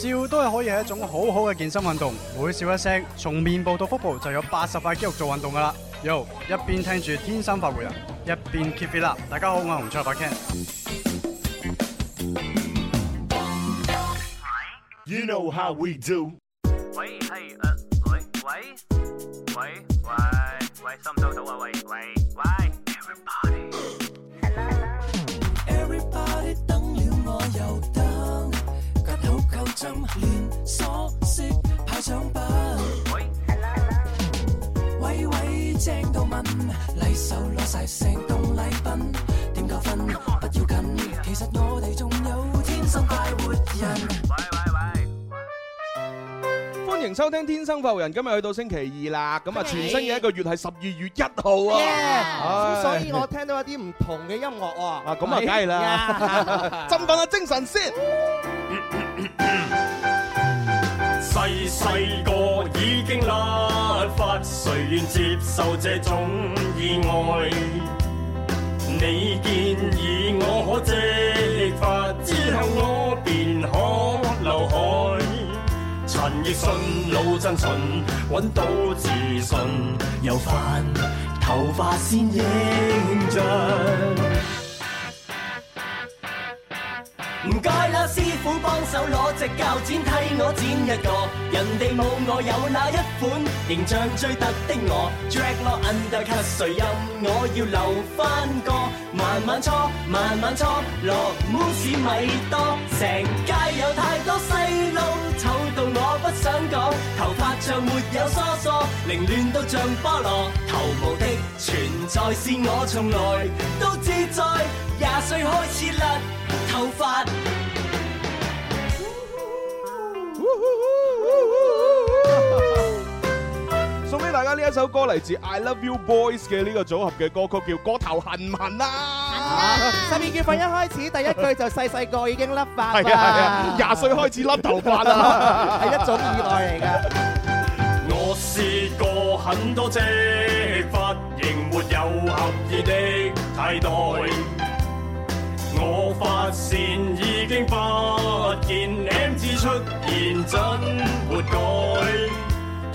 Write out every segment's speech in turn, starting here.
笑都係可以係一種好好嘅健身運動，每笑一聲，從面部到腹部就有八十塊肌肉做運動噶啦。Yo，一邊聽住天生快活人，一邊 keep it up。大家好，我係紅彩發 Ken。You know how we do。喂，嘿，呃，喂，喂，喂，喂，喂，深州島喂喂喂。Hello，everybody。Everybody 等了我有。心連鎖式派獎品，喂係啦，位位正到問禮壽攞晒成棟禮品，點夠分不要緊，其實我哋仲有天生快活人。喂喂喂，歡迎收聽天生快活人，今日去到星期二啦，咁啊全新嘅一個月係十二月一號啊，咁所以我聽到一啲唔同嘅音樂啊，咁啊梗係啦，振奮下精神先。細細個已經甩髮，誰願接受這種意外？你建議我可借髮之後，我便可留海。陳奕迅 老真純，揾到自信有返頭髮先英俊。唔該啦，師傅幫手攞隻鉸剪替我剪一個。人哋冇我有那一款，形象最特的我，drag 我 undercut，誰任我要留翻個，慢慢搓，慢慢搓，落 mousse 咪多，成街有太多細路醜到我。不想講，頭髮像沒有梳梳，凌亂到像菠蘿。頭毛的存在是我從來都自在，廿歲開始甩頭髮。 送俾大家呢一首歌，嚟自 I Love You Boys 嘅呢個組合嘅歌曲，叫《歌頭痕唔痕》啊！十二月份一開始，第一句就細細個已經甩髮啦，廿歲開始甩頭髮啦，係一種意外嚟噶。我試過很多種髮，仍沒有合意的替代。我發現已經發現 M 字出現，真活該。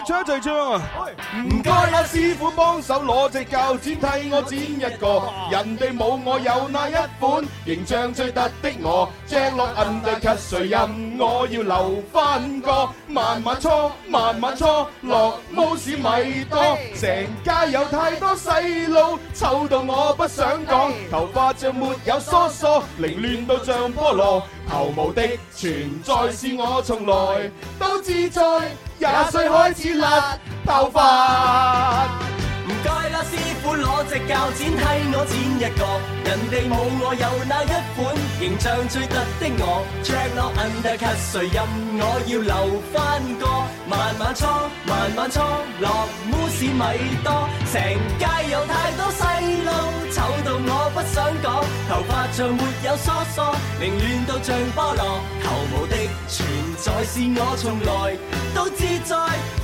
出就出啊！唔該啦，師傅幫手攞隻鉸剪替我剪一個，人哋冇我有那一款形象最特的我，着落銀地給誰任？我要留翻個，慢慢搓，慢慢搓，落毛屎咪多，成街有太多細路醜到我不想講，頭髮像沒有梳梳，凌亂到像菠蘿。頭毛的存在是我從來都自在，廿歲開始甩頭髮。唔該啦，師傅攞隻鉸剪替我剪一個，人哋冇我有那一款，形象最突的我。着落 undercut，誰任我要留翻個。慢慢搓，慢慢搓落慕斯米多，成街有太多細路，醜到我不想講。頭髮像沒有梳梳，凌亂到像菠蘿。頭毛的存在是我從來都志在，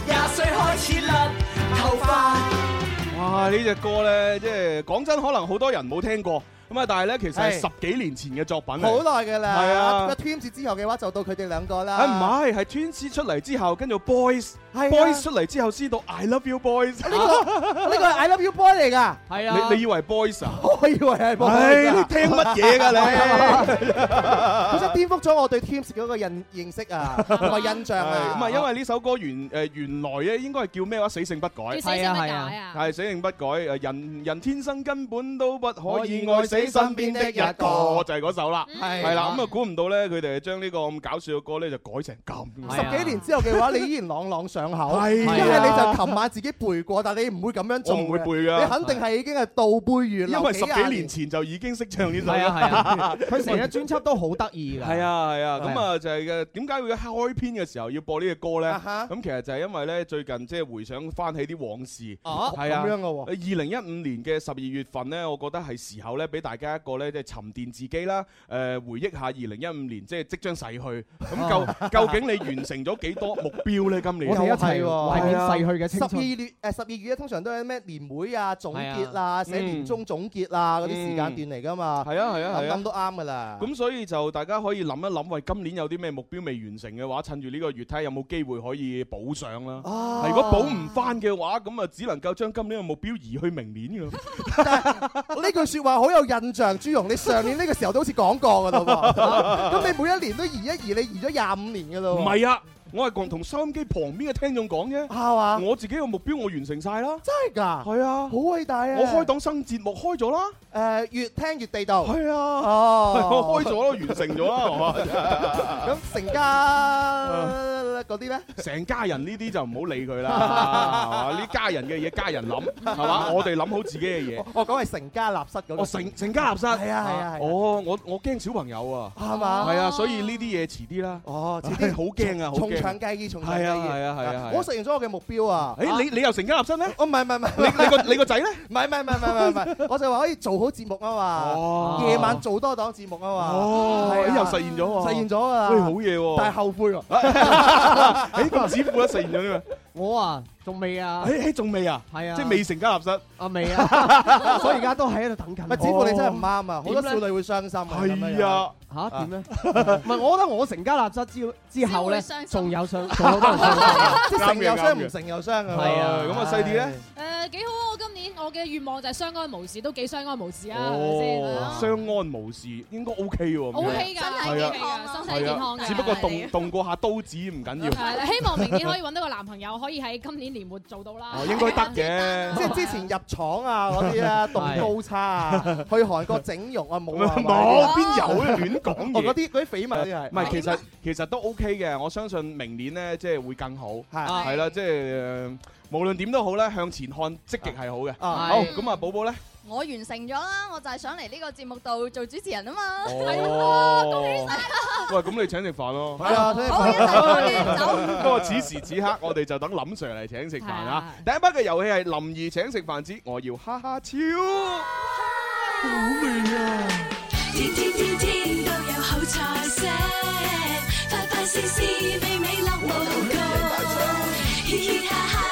廿歲開始甩頭髮。啊！呢隻歌咧，即係講真，真，可能好多人冇聽過咁啊！但係咧，其實係十幾年前嘅作品，好耐嘅啦。係啊，跟住 Twins 之後嘅話，就到佢哋兩個啦。啊、哎，唔係，係 Twins 出嚟之後，跟住 Boys。Boys 出嚟之後知道 I Love You Boys 呢個呢個係 I Love You Boy 嚟噶，係啊！你以為 Boys 啊？我以為係 Boys 你聽乜嘢㗎你？咁真係顛覆咗我對 Twins 嗰個認認識啊，同埋印象啊！唔係因為呢首歌原誒原來咧應該係叫咩話？死性不改係啊係啊，係死性不改人人天生根本都不可以愛死身邊的一個就係嗰首啦，係啦咁啊估唔到咧佢哋將呢個咁搞笑嘅歌咧就改成咁十幾年之後嘅話你依然朗朗上。係因為你就琴晚自己背過，但係你唔會咁樣做，我唔會背噶。你肯定係已經係倒背如流。因為十幾年前就已經識唱呢首歌。係啊係啊，佢成日專輯都好得意㗎。係啊係啊，咁啊就係嘅點解會開篇嘅時候要播呢個歌咧？咁其實就係因為咧，最近即係回想翻起啲往事。嚇係啊，咁樣㗎喎。二零一五年嘅十二月份咧，我覺得係時候咧，俾大家一個咧，即係沉澱自己啦。誒，回憶下二零一五年，即係即將逝去。咁究究竟你完成咗幾多目標咧？今年？係喎，懷緬逝去嘅青春。十二月誒，十二月咧，通常都有咩年會啊、總結啊、寫年終總結啊嗰啲時間段嚟噶嘛。係啊係啊，咁都啱噶啦。咁所以就大家可以諗一諗，喂，今年有啲咩目標未完成嘅話，趁住呢個月睇下有冇機會可以補上啦。係如果補唔翻嘅話，咁啊只能夠將今年嘅目標移去明年噶。呢句說話好有印象，朱融，你上年呢個時候都好似講過噶啦噃。咁你每一年都移一移，你移咗廿五年噶咯。唔係啊。我係同收音機旁邊嘅聽眾講啫，係嘛？我自己嘅目標我完成晒啦，真係㗎，係啊，好偉大啊！我開檔新節目開咗啦，誒，越聽越地道，係啊，哦，我開咗咯，完成咗啦，係嘛？咁成家嗰啲咧，成家人呢啲就唔好理佢啦，係嘛？呢家人嘅嘢家人諗，係嘛？我哋諗好自己嘅嘢。我講係成家立室嗰，成成家立室係啊係啊係。哦，我我驚小朋友啊，係嘛？係啊，所以呢啲嘢遲啲啦。哦，遲啲好驚啊，好驚。想繼業重新繼業，係啊係啊係啊，我實現咗我嘅目標啊！誒，你你又成家立室咩？唔係唔係唔係，你個你個仔咧？唔係唔係唔係唔係唔係，我就話可以做好節目啊嘛！夜晚做多檔節目啊嘛！哦，又實現咗喎！實現咗啊！喂，好嘢喎！但係後悔啊！誒，個子都實現咗呢？我啊，仲未啊？誒誒，仲未啊？係啊，即係未成家立室。啊未啊，所以而家都喺度等緊。咪姐夫你真係唔啱啊！好多少女會傷心。係啊。嚇點咧？唔係，我覺得我成家立室之之後咧，仲有傷，仲有都係傷，即係成又傷，唔成又傷啊！係啊，咁啊細啲咧。誒幾好啊！我今年我嘅願望就係相安無事，都幾相安無事啊！係咪先？相安無事應該 OK 喎。OK 㗎，身體健康，身體健康嘅。只不過動動過下刀子唔緊要。係啊，希望明年可以揾到個男朋友。可以喺今年年末做到啦，應該得嘅。即係之前入廠啊嗰啲咧，動刀叉啊，去韓國整容啊，冇冇，邊有啊？亂講嘢，嗰啲嗰啲緋聞啲係。唔係，其實其實都 OK 嘅，我相信明年咧，即係會更好，係係啦，即係無論點都好咧，向前看積極係好嘅。好，咁啊，寶寶咧。我完成咗啦，我就係想嚟呢個節目度做主持人啊嘛。係喎，哇！喂，咁你請食飯咯。係啊，請食飯走。不過此時此刻，我哋就等林 sir 嚟請食飯啊。第一波嘅遊戲係林兒請食飯之，我要哈哈超。好味啊！天天天天都有好菜色，快快美美樂，嘻嘻哈哈。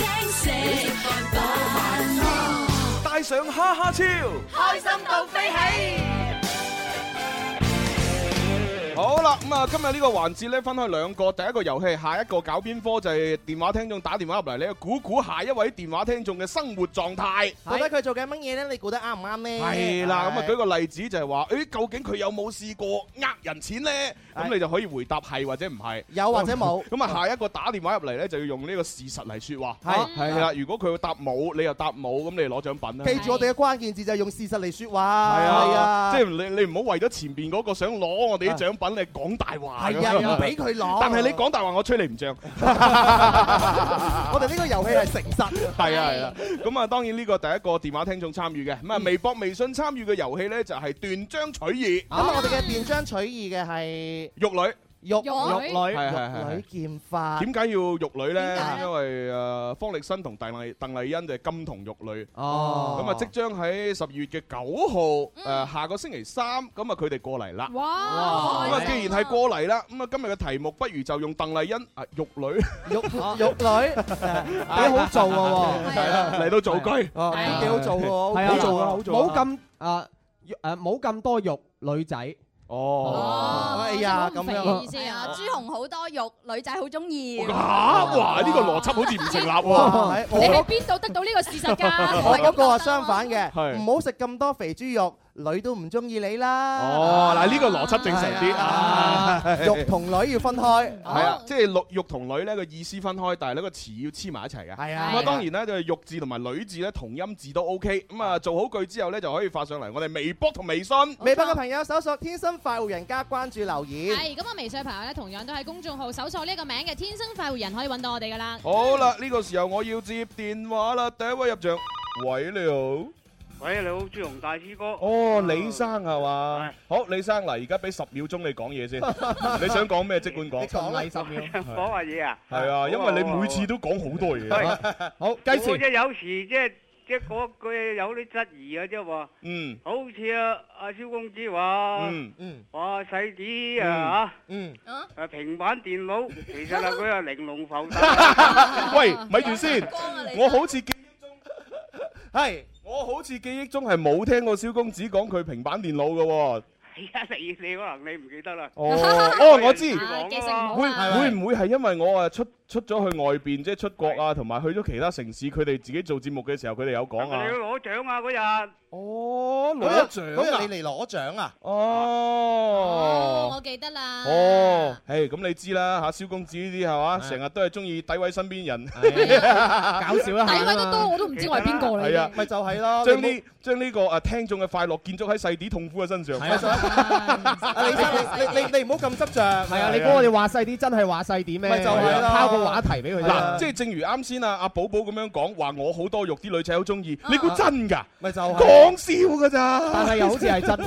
零食袋多，帶上哈哈超，開心到飛起。好啦，咁啊，今日呢個環節咧，分開兩個，第一個遊戲，下一個搞邊科就係電話聽眾打電話入嚟，你估估下一位電話聽眾嘅生活狀態，覺得佢做緊乜嘢咧，你估得啱唔啱呢？係啦，咁啊，舉個例子就係話，誒，究竟佢有冇試過呃人錢咧？咁你就可以回答係或者唔係，有或者冇。咁啊，下一個打電話入嚟咧，就要用呢個事實嚟說話。係係啦，如果佢答冇，你又答冇，咁你攞獎品啦。記住我哋嘅關鍵字就係用事實嚟說話。係啊，即係你你唔好為咗前邊嗰個想攞我哋啲獎品。你講大話，係啊，唔俾佢攞。但係你講大話，我吹你唔漲。我哋呢個遊戲係誠實。係啊係啊。咁啊， 當然呢個第一個電話聽眾參與嘅，咁、嗯就是、啊，微博微信參與嘅遊戲咧，就係斷章取義。咁啊，我哋嘅斷章取義嘅係玉女。玉玉女，玉女劍花。點解要玉女咧？因為誒，方力申同鄧麗鄧麗欣就係金童玉女。哦，咁啊，即將喺十二月嘅九號，誒，下個星期三，咁啊，佢哋過嚟啦。哇！咁啊，既然係過嚟啦，咁啊，今日嘅題目不如就用鄧麗欣啊，玉女，玉玉女，幾好做啊。係啦，嚟到造句，幾好做喎，好做啊，好做啊，冇咁啊，誒，冇咁多玉女仔。哦，哎呀，咁樣意思啊，豬紅好多肉，女仔好鍾意。嚇，哇！呢個邏輯好似唔成立喎。你喺邊度得到呢個事實㗎？嗰個係相反嘅，唔好食咁多肥豬肉。女都唔中意你啦！哦，嗱呢個邏輯正常啲啊，玉同女要分開，係啊，即係玉玉同女咧個意思分開，但係呢個詞要黐埋一齊嘅。係啊，咁啊當然咧，就玉字同埋女字咧同音字都 OK。咁啊做好句之後咧就可以發上嚟，我哋微博同微信，微博嘅朋友搜索天生快活人加關注留言。係咁啊，微信朋友咧同樣都喺公眾號搜索呢個名嘅天生快活人可以揾到我哋噶啦。好啦，呢個時候我要接電話啦，第一位入場，喂，你好。喂，你好，朱紅大師哥。哦，李生係嘛？好，李生嗱，而家俾十秒鐘你講嘢先。你想講咩？即管講。講十秒。講下嘢啊？係啊，因為你每次都講好多嘢啊。好，繼續。我即有時即即嗰句有啲質疑嘅啫喎。嗯。好似阿阿蕭公子話，嗯嗯，話世子啊，嗯，啊平板電腦，其實係佢係玲瓏浮。喂，咪住先。我好似見係。我好似記憶中係冇聽過蕭公子講佢平板電腦㗎喎。哦。係 啊樂，你你可能你唔記得啦。哦， 哦，哦哦我知，會唔、啊、會係因為我誒出出咗去外邊，即係出國啊，同埋去咗其他城市，佢哋自己做節目嘅時候，佢哋有講啊。你要攞獎啊嗰日。哦，攞獎。嗰日你嚟攞獎啊？哦。哦，我記得啦。哦，係咁你知啦嚇，蕭公子呢啲係嘛，成日都係中意詆毀身邊人，搞笑啦。詆毀都多，我都唔知我係邊個嚟。係啊，咪就係咯。將呢將呢個誒聽眾嘅快樂建築喺細啲痛苦嘅身上。係啊。你你你你唔好咁執著。係啊，你幫我哋話細啲，真係話細啲咩？咪就係咯。話題俾佢啦，即係正如啱先啊，阿寶寶咁樣講話，我好多肉，啲女仔好中意，你估真噶？咪就講笑噶咋？但係又好似係真。係執着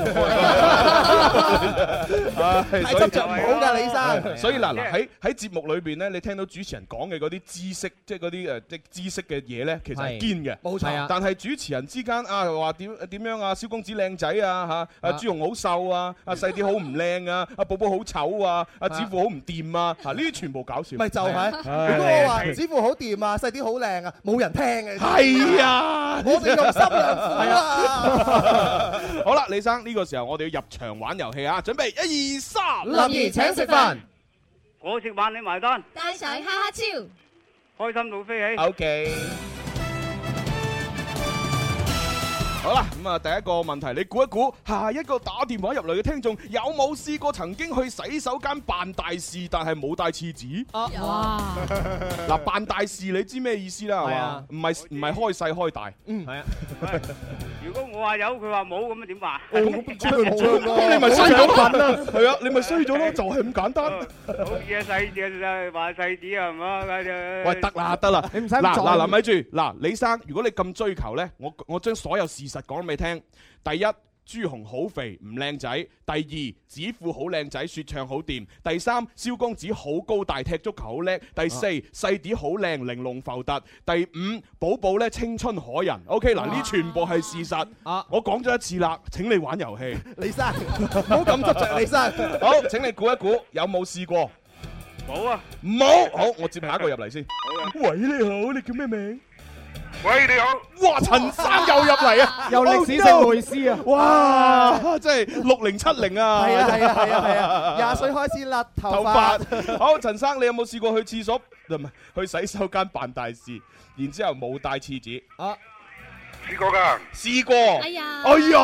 唔好噶，李生。所以嗱，喺喺節目裏邊咧，你聽到主持人講嘅嗰啲知識，即係嗰啲誒，即知識嘅嘢咧，其實係堅嘅，冇錯。但係主持人之間啊，話點點樣啊？蕭公子靚仔啊，吓啊朱容好瘦啊，阿細啲好唔靚啊，阿寶寶好醜啊，阿師傅好唔掂啊，吓呢啲全部搞笑。咪就係。哎、我話支付好掂啊，細啲好靚啊，冇人聽嘅。係啊，啊我哋用心啊！好啦，李生呢、這個時候我哋要入場玩遊戲啊，準備一二三。林怡請食飯，我食飯你埋單。帶上哈哈超，開心到飛起。OK。好啦，咁、嗯、啊，第一個問題，你估一估下，啊、一個打電話入嚟嘅聽眾有冇試過曾經去洗手間辦大事，但係冇帶廁紙？啊，有、啊。嗱， 辦大事你知咩意思啦？係嘛？啊，唔係唔係開細開大？啊、嗯，係啊。 如果我話有，佢話冇，咁啊點話？咁你咪衰咗份啦！係啊，你咪衰咗咯，就係咁簡單。好嘢細嘅，話細啲係嘛？喂，得啦得啦，你唔使咁錯。嗱嗱，留意住嗱，李生，如果你咁追求咧，我我將所有事實講俾你聽。第一。豬紅好肥唔靚仔，第二子富好靚仔說唱好掂，第三蕭公子好高大踢足球好叻，第四細碟好靚玲瓏浮凸，第五寶寶咧青春可人。OK 嗱、啊，呢全部係事實。啊、我講咗一次啦，請你玩遊戲，李生，好咁執著李生。 好，請你估一估有冇試過？冇啊，冇。好，我接下一個入嚟先。 喂，你好，你叫咩名？喂，你好！哇，陳生又入嚟啊，又歷史性會師啊！哇，真係六零七零啊！係啊，係啊，係啊，係啊！廿歲開始甩頭髮。好，陳生，你有冇試過去廁所？唔係，去洗手間辦大事，然之後冇帶廁紙。啊，呢個噶？試過。哎呀，哎呀！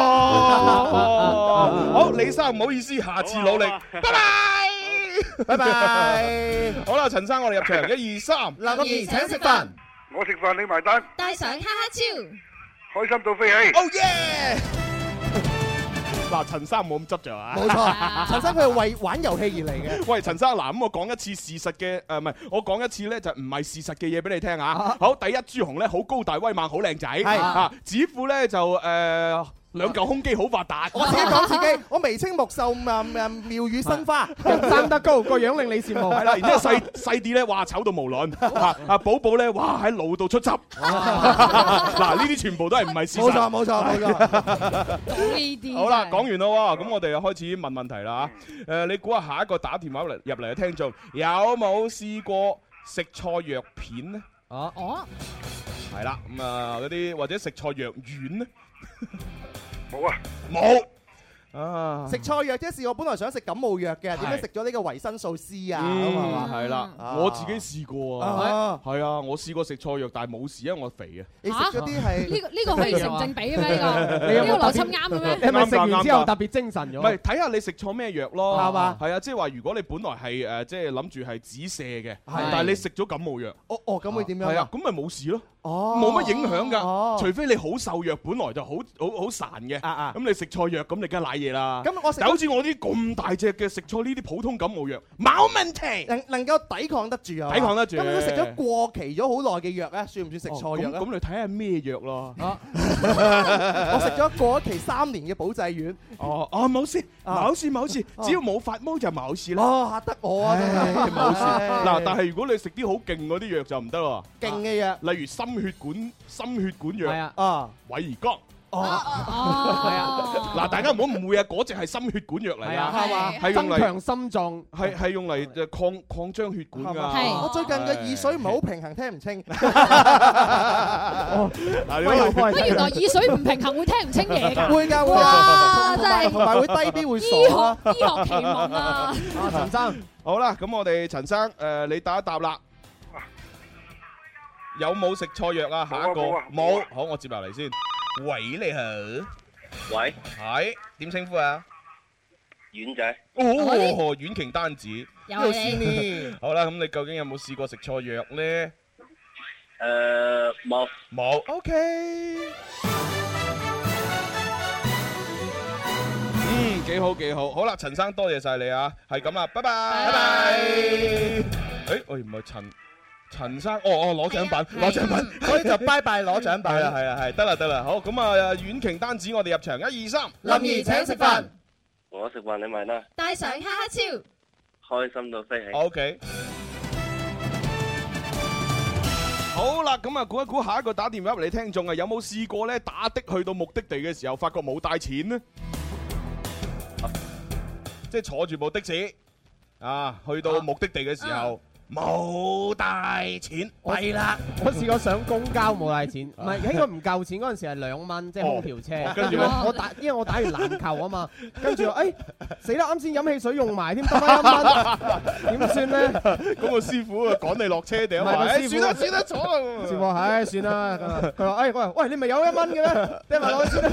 好，李生唔好意思，下次努力。拜拜，拜拜。好啦，陳生，我哋入場，一二三。劉叔，請食飯。我食飯你埋單，帶上哈哈超，開心到飛起，哦耶、oh, yeah!！嗱， 陳生冇咁執着啊！冇錯，陳 生佢係為玩遊戲而嚟嘅。 喂，陳生嗱，咁我講一次事實嘅，誒、呃，唔係，我講一次咧就唔係事實嘅嘢俾你聽啊。 好，第一朱紅咧好高大威猛，好靚仔，吓、 啊，子富咧就誒。呃兩嚿胸肌好發達，我自己講自己，我眉清目秀，妙語生花，生得高，個樣令你羨慕係啦。然之後細細啲咧，哇，醜到無倫。阿啊，寶寶咧，哇，喺腦度出汁。嗱，呢啲全部都係唔係事實。冇錯，冇錯，冇錯。好啦，講完啦，咁我哋又開始問問題啦吓。誒，你估下下一個打電話嚟入嚟嘅聽眾有冇試過食錯藥片咧？啊哦，係啦，咁啊嗰啲或者食錯藥丸咧？冇啊，冇啊！食錯藥，即係我本來想食感冒藥嘅，點解食咗呢個維生素 C 啊？咁係啦，我自己試過啊，係啊，我試過食錯藥，但係冇事，因為我肥啊。你食咗啲係呢呢個可以成正比啊，咩？呢個呢個邏輯啱你係咪食完之後特別精神咗？唔係睇下你食錯咩藥咯，係嘛？係啊，即係話如果你本來係誒，即係諗住係止瀉嘅，但係你食咗感冒藥，哦，哦咁會點樣？係啊，咁咪冇事咯。哦，冇乜影響噶，除非你好瘦弱，本來就好好好孱嘅，咁你食錯藥咁，你梗係瀨嘢啦。咁我就好似我啲咁大隻嘅食錯呢啲普通感冒藥，冇問題，能能夠抵抗得住啊！抵抗得住。咁你都食咗過期咗好耐嘅藥咧，算唔算食錯藥？咁咁你睇下咩藥咯。我食咗過期三年嘅保濟丸。哦，冇事，冇事，冇事，只要冇發毛就冇事啦。哦，嚇得我啊！冇事。嗱，但係如果你食啲好勁嗰啲藥就唔得咯。勁嘅藥，例如心血管心血管藥啊，威而鋼。哦係啊，嗱，大家唔好誤會啊，嗰隻係心血管藥嚟，啊，係嘛，係用嚟增強心臟，係係用嚟就擴擴張血管噶。我最近嘅耳水唔係好平衡，聽唔清。哦，原來，耳水唔平衡會聽唔清嘢噶？會噶，會噶，真係。同埋會低啲會傻。醫學醫學奇聞啊，陳生。好啦，咁我哋陳生，誒，你答一答啦。有冇食錯藥啊？下一個冇，好我接埋嚟先。喂你係，喂，係點稱呼啊？婉仔，哦哦婉瓊單子，有你呢。好啦，咁你究竟有冇試過食錯藥呢？誒冇冇。OK。嗯幾好幾好，好啦陳生多謝晒你啊，係咁啊，拜拜拜拜。誒我唔係陳。陳生，哦哦，攞獎品，攞獎品，佢就拜拜攞獎品啦，係啊係，得啦得啦，好咁啊，婉瓊單止我哋入場，一二三，林兒請食飯，我食飯你咪啦，帶上哈哈超，開心到飛起，OK。好啦，咁啊，估一估下一個打電話入嚟聽眾啊，有冇試過咧打的去到目的地嘅時候，發覺冇帶錢呢？即係坐住部的士啊，去到目的地嘅時候。冇帶錢，係啦，我試過上公交冇帶錢，唔係應該唔夠錢嗰陣時係兩蚊，即、就、係、是、空調車。跟住、哦、我，打，因為我打完籃球啊嘛。嗯、跟住我，誒死啦！啱先飲汽水用埋添，得翻一蚊，點算咧？咁 個師傅趕你落車頂，師傅，算啦、哎，算得咗啦。 師傅，唉、哎，算啦。佢話，喂，喂，你咪有一蚊嘅咩？你埋落去先。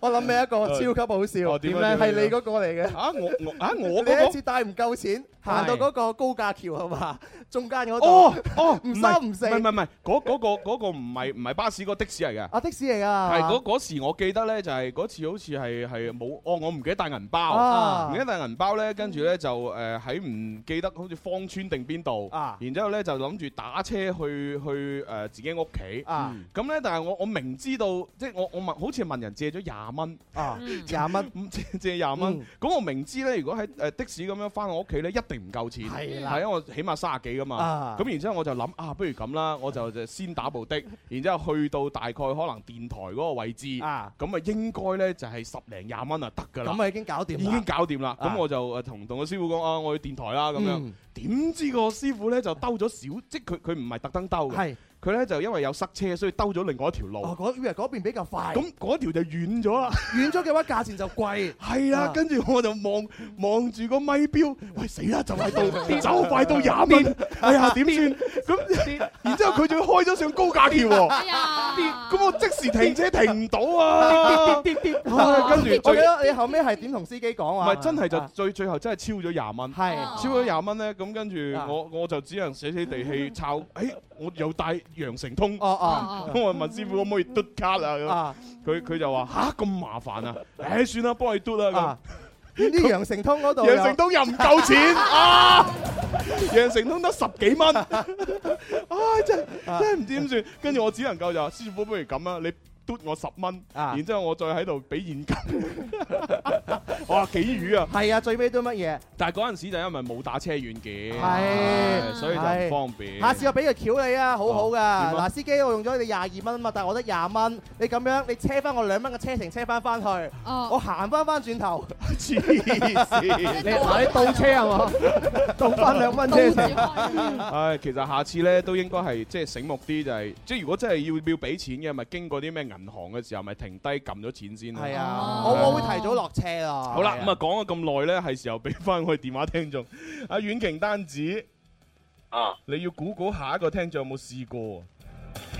我諗起一個超級好笑，點咧、哦？係、啊啊、你嗰個嚟嘅。嚇我我我，我我那個、一次帶唔夠錢，是行到嗰個高價。架橋係嘛，中間嗰度哦哦，唔三唔四，唔唔唔，嗰嗰個嗰個唔係唔係巴士個的士嚟嘅，啊的士嚟噶，係嗰嗰時我記得咧就係嗰次好似係係冇哦我唔記得帶銀包，唔記得帶銀包咧，跟住咧就誒喺唔記得好似芳村定邊度，然之後咧就諗住打車去去誒自己屋企，咁咧但係我我明知道即係我我問好似問人借咗廿蚊，廿蚊借借廿蚊，咁我明知咧如果喺誒的士咁樣返我屋企咧一定唔夠錢，係啦。因為我起碼三十幾噶嘛，咁、啊、然之後我就諗啊，不如咁啦，我就就先打部的， 然之後去到大概可能電台嗰個位置，咁啊應該咧就係、是、十零廿蚊啊，得噶啦，咁啊已經搞掂，已經搞掂啦，咁、啊、我就誒同同個師傅講啊，我去電台啦咁樣，點、嗯、知個師傅咧就兜咗少，即係佢佢唔係特登兜嘅。佢咧就因為有塞車，所以兜咗另外一條路。我覺得以為嗰邊比較快，咁嗰條就遠咗啦，遠咗嘅話價錢就貴。係啦，跟住我就望望住個咪錶，喂死啦，就係到，就快到廿蚊。哎呀，點算？咁然之後佢仲要開咗上高架橋喎。哎呀，咁我即時停車停唔到啊！跌跌跌跌跌，跟住我記得你後尾係點同司機講啊？唔係真係就最最後真係超咗廿蚊。係超咗廿蚊咧，咁跟住我我就只能死死地氣抄。哎，我又帶。羊城通，啊啊、我問師傅可唔可以嘟卡啊？佢佢就話，吓，咁麻煩啊，唉、啊哎，算啦，幫你嘟啦咁。呢羊城通嗰度，羊城通又唔夠錢 啊！羊城通得十幾蚊，唉、 啊，真真唔知點算。跟住我只能夠就話，師傅不如咁啦，你。嘟我十蚊，然之後我再喺度俾現金，哇幾魚啊！係啊，最尾都乜嘢？但係嗰陣時就因為冇打車軟件，係，所以就唔方便。下次我俾個橋你啊，好好噶。嗱，司機我用咗你廿二蚊啊嘛，但係我得廿蚊。你咁樣，你車翻我兩蚊嘅車程，車翻翻去，我行翻翻轉頭，黐線！你你倒車係嘛？倒翻兩蚊車程。唉，其實下次咧都應該係即係醒目啲，就係即係如果真係要要俾錢嘅，咪經過啲咩銀行？銀行嘅時候咪停低撳咗錢先啊！係啊，我我會提早落車啊！好啦，咁啊講咗咁耐咧，係時候俾翻我哋電話聽眾，阿婉瓊丹子啊，你要估估下一個聽眾有冇試過？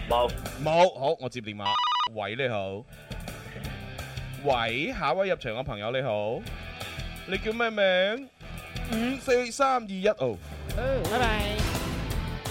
冇冇有，好，我接電話。喂，你好。喂，下一位入場嘅朋友你好，你叫咩名？五四三二一哦。拜拜。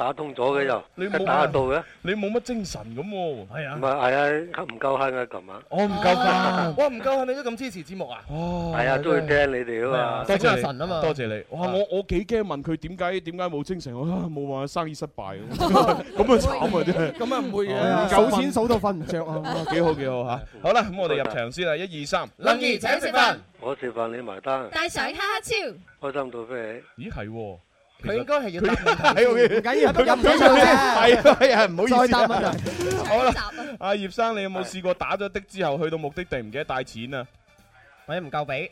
打通咗嘅又，你冇打得到嘅，你冇乜精神咁喎，係啊，唔係係啊，夠唔夠瞓啊琴晚？我唔夠瞓，我唔夠瞓，你都咁支持節目啊，係啊，都會驚你哋啊嘛，多謝神啊嘛，多謝你，哇，我我幾驚問佢點解點解冇精神，啊，冇話生意失敗，咁啊慘啊啲，咁啊唔會嘅，數錢數到瞓唔著啊，幾好幾好嚇，好啦，咁我哋入場先啦，一二三，林儀請食飯，我食飯你埋單，大獎哈哈超，開心到飛起，咦係喎。佢應該係要答。唔緊要，佢咩印象咧？係唔好意思。再答好啦，阿葉生，你有冇試過打咗的之後去到目的地唔記得帶錢啊？或者唔夠俾？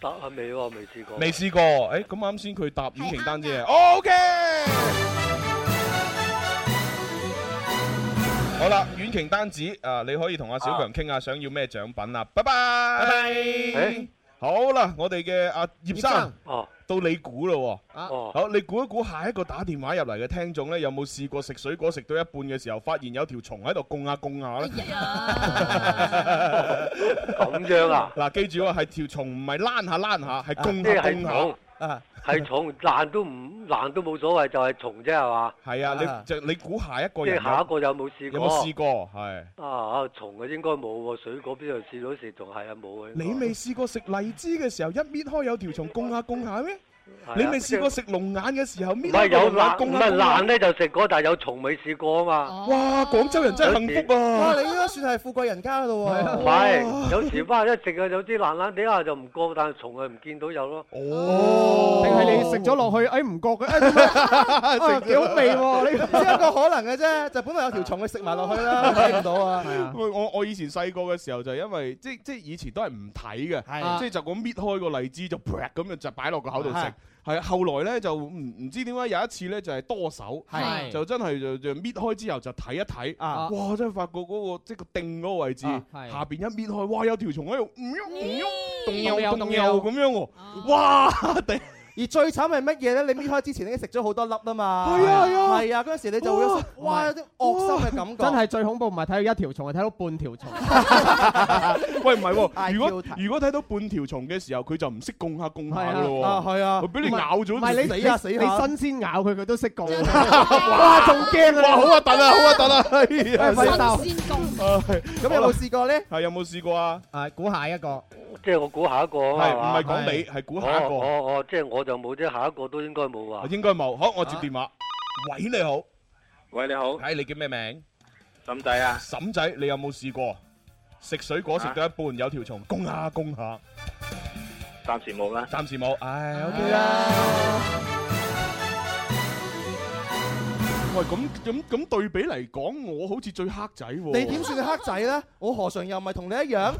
搭係未？未試過？未試過？誒，咁啱先佢答婉瓊單車。O K。好啦，婉瓊單子啊，你可以同阿小強傾下，想要咩獎品啦。拜拜，拜拜。好啦，我哋嘅阿葉生，到你估啦。啊，好，你估一估下一個打電話入嚟嘅聽眾呢，有冇試過食水果食到一半嘅時候，發現有條蟲喺度拱下拱下咧？咁樣啊？嗱、啊，記住條蟲爛下爛下啊，係條蟲唔係攣下攣下，係拱下拱下。就是、啊，係蟲爛都唔爛都冇所謂，就係蟲啫係嘛。係啊，你就你估下一個？即係下一個有冇試過？我試過，係。啊，蟲嘅應該冇喎。水果邊度試到時仲係啊冇嘅。你未試過食荔枝嘅時候一搣開有條蟲供下供下咩？你未試過食龍眼嘅時候，搣開個龍眼，有冇蟲？唔係有爛，唔係爛咧就食過，但係有蟲未試過啊嘛！哇，廣州人真係幸福啊！哇，你依家算係富貴人家咯喎！唔係，有時翻一食啊，有啲爛爛啲下就唔過，但係蟲係唔見到有咯。哦，定係你食咗落去，哎唔覺佢食幾好味喎？呢一個可能嘅啫，就本來有條蟲佢食埋落去啦，睇唔到啊！我我以前細個嘅時候就因為即即以前都係唔睇嘅，即就咁搣開個荔枝就噏咁就就擺落個口度食。係啊，後來咧就唔唔知點解有一次咧就係多手，就真係就就搣開之後就睇一睇，哇、啊啊啊、真係發覺嗰、嗰個即個、即係、定嗰個位置、啊、下邊一搣開，哇有條蟲喺度唔喐唔喐，嗯、動又又咁樣喎、啊，哇定、啊！而最慘係乜嘢咧？你搣開之前已經食咗好多粒啦嘛，係啊係啊，係啊嗰陣時你就會哇有啲噁心嘅感覺，真係最恐怖唔係睇到一條蟲，係睇到半條蟲。喂唔係喎，如果如果睇到半條蟲嘅時候，佢就唔識供下供下咯喎，係啊，俾你咬咗唔係你死啊死啊！你新鮮咬佢佢都識講，哇仲驚啊！哇好核突啊好核突啊，係啊，新鮮供啊，咁有冇試過咧？係有冇試過啊？係估下一個，即係我估下一個啊嘛，唔係講你，係估下一個，哦哦，即係我。就冇啫，下一個都應該冇啊。應該冇，好，我接電話。喂，你好。喂，你好。哎，你叫咩名？嬸仔啊。嬸仔，你有冇試過食水果食到一半有條蟲？攻下攻下。暫時冇啦。暫時冇。哎，OK 啦。喂，咁咁咁對比嚟講，我好似最黑仔喎。你點算係黑仔咧？我何嘗又唔係同你一樣？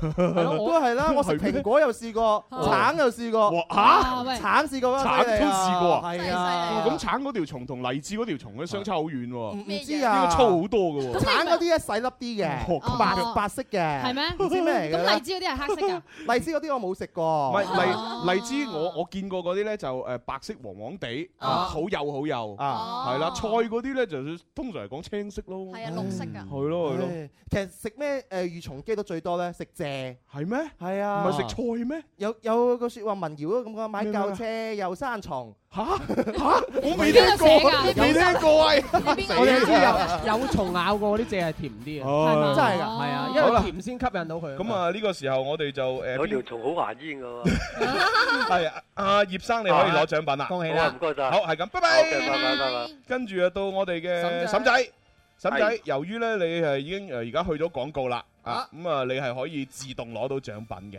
都係啦，我食蘋果又試過，橙又試過。嚇！橙試過咩？橙都試過啊！咁橙嗰條蟲同荔枝嗰條蟲，相差好遠喎。唔知啊。應該粗好多嘅喎。橙嗰啲咧細粒啲嘅，白白色嘅。係咩？唔知咩嚟嘅。咁荔枝嗰啲係黑色㗎。荔枝嗰啲我冇食過。唔係荔荔枝，我我見過嗰啲咧就誒白色黃黃地啊，好幼好幼啊，係啦，菜嗰啲咧。就通常係講青色咯，係啊，綠色啊。係咯係咯。其實食咩誒蠕蟲機都最多咧，食蔗係咩？係啊，唔係食菜咩？哦？有有個説話民謠都咁講，買舊蔗又生蟲。吓吓，我未聽過，未聽過，喂，有蟲咬過嗰啲蔗係甜啲嘅，真係噶，係啊，因為甜先吸引到佢。咁啊，呢個時候我哋就誒，嗰條蟲好牙煙噶，係啊，阿葉生你可以攞獎品啦，恭喜啦，唔該晒。好係咁，拜拜，得啦得啦。跟住啊，到我哋嘅沈仔。沈仔，由於咧你係已經誒而家去咗廣告啦，啊，咁啊你係可以自動攞到獎品嘅。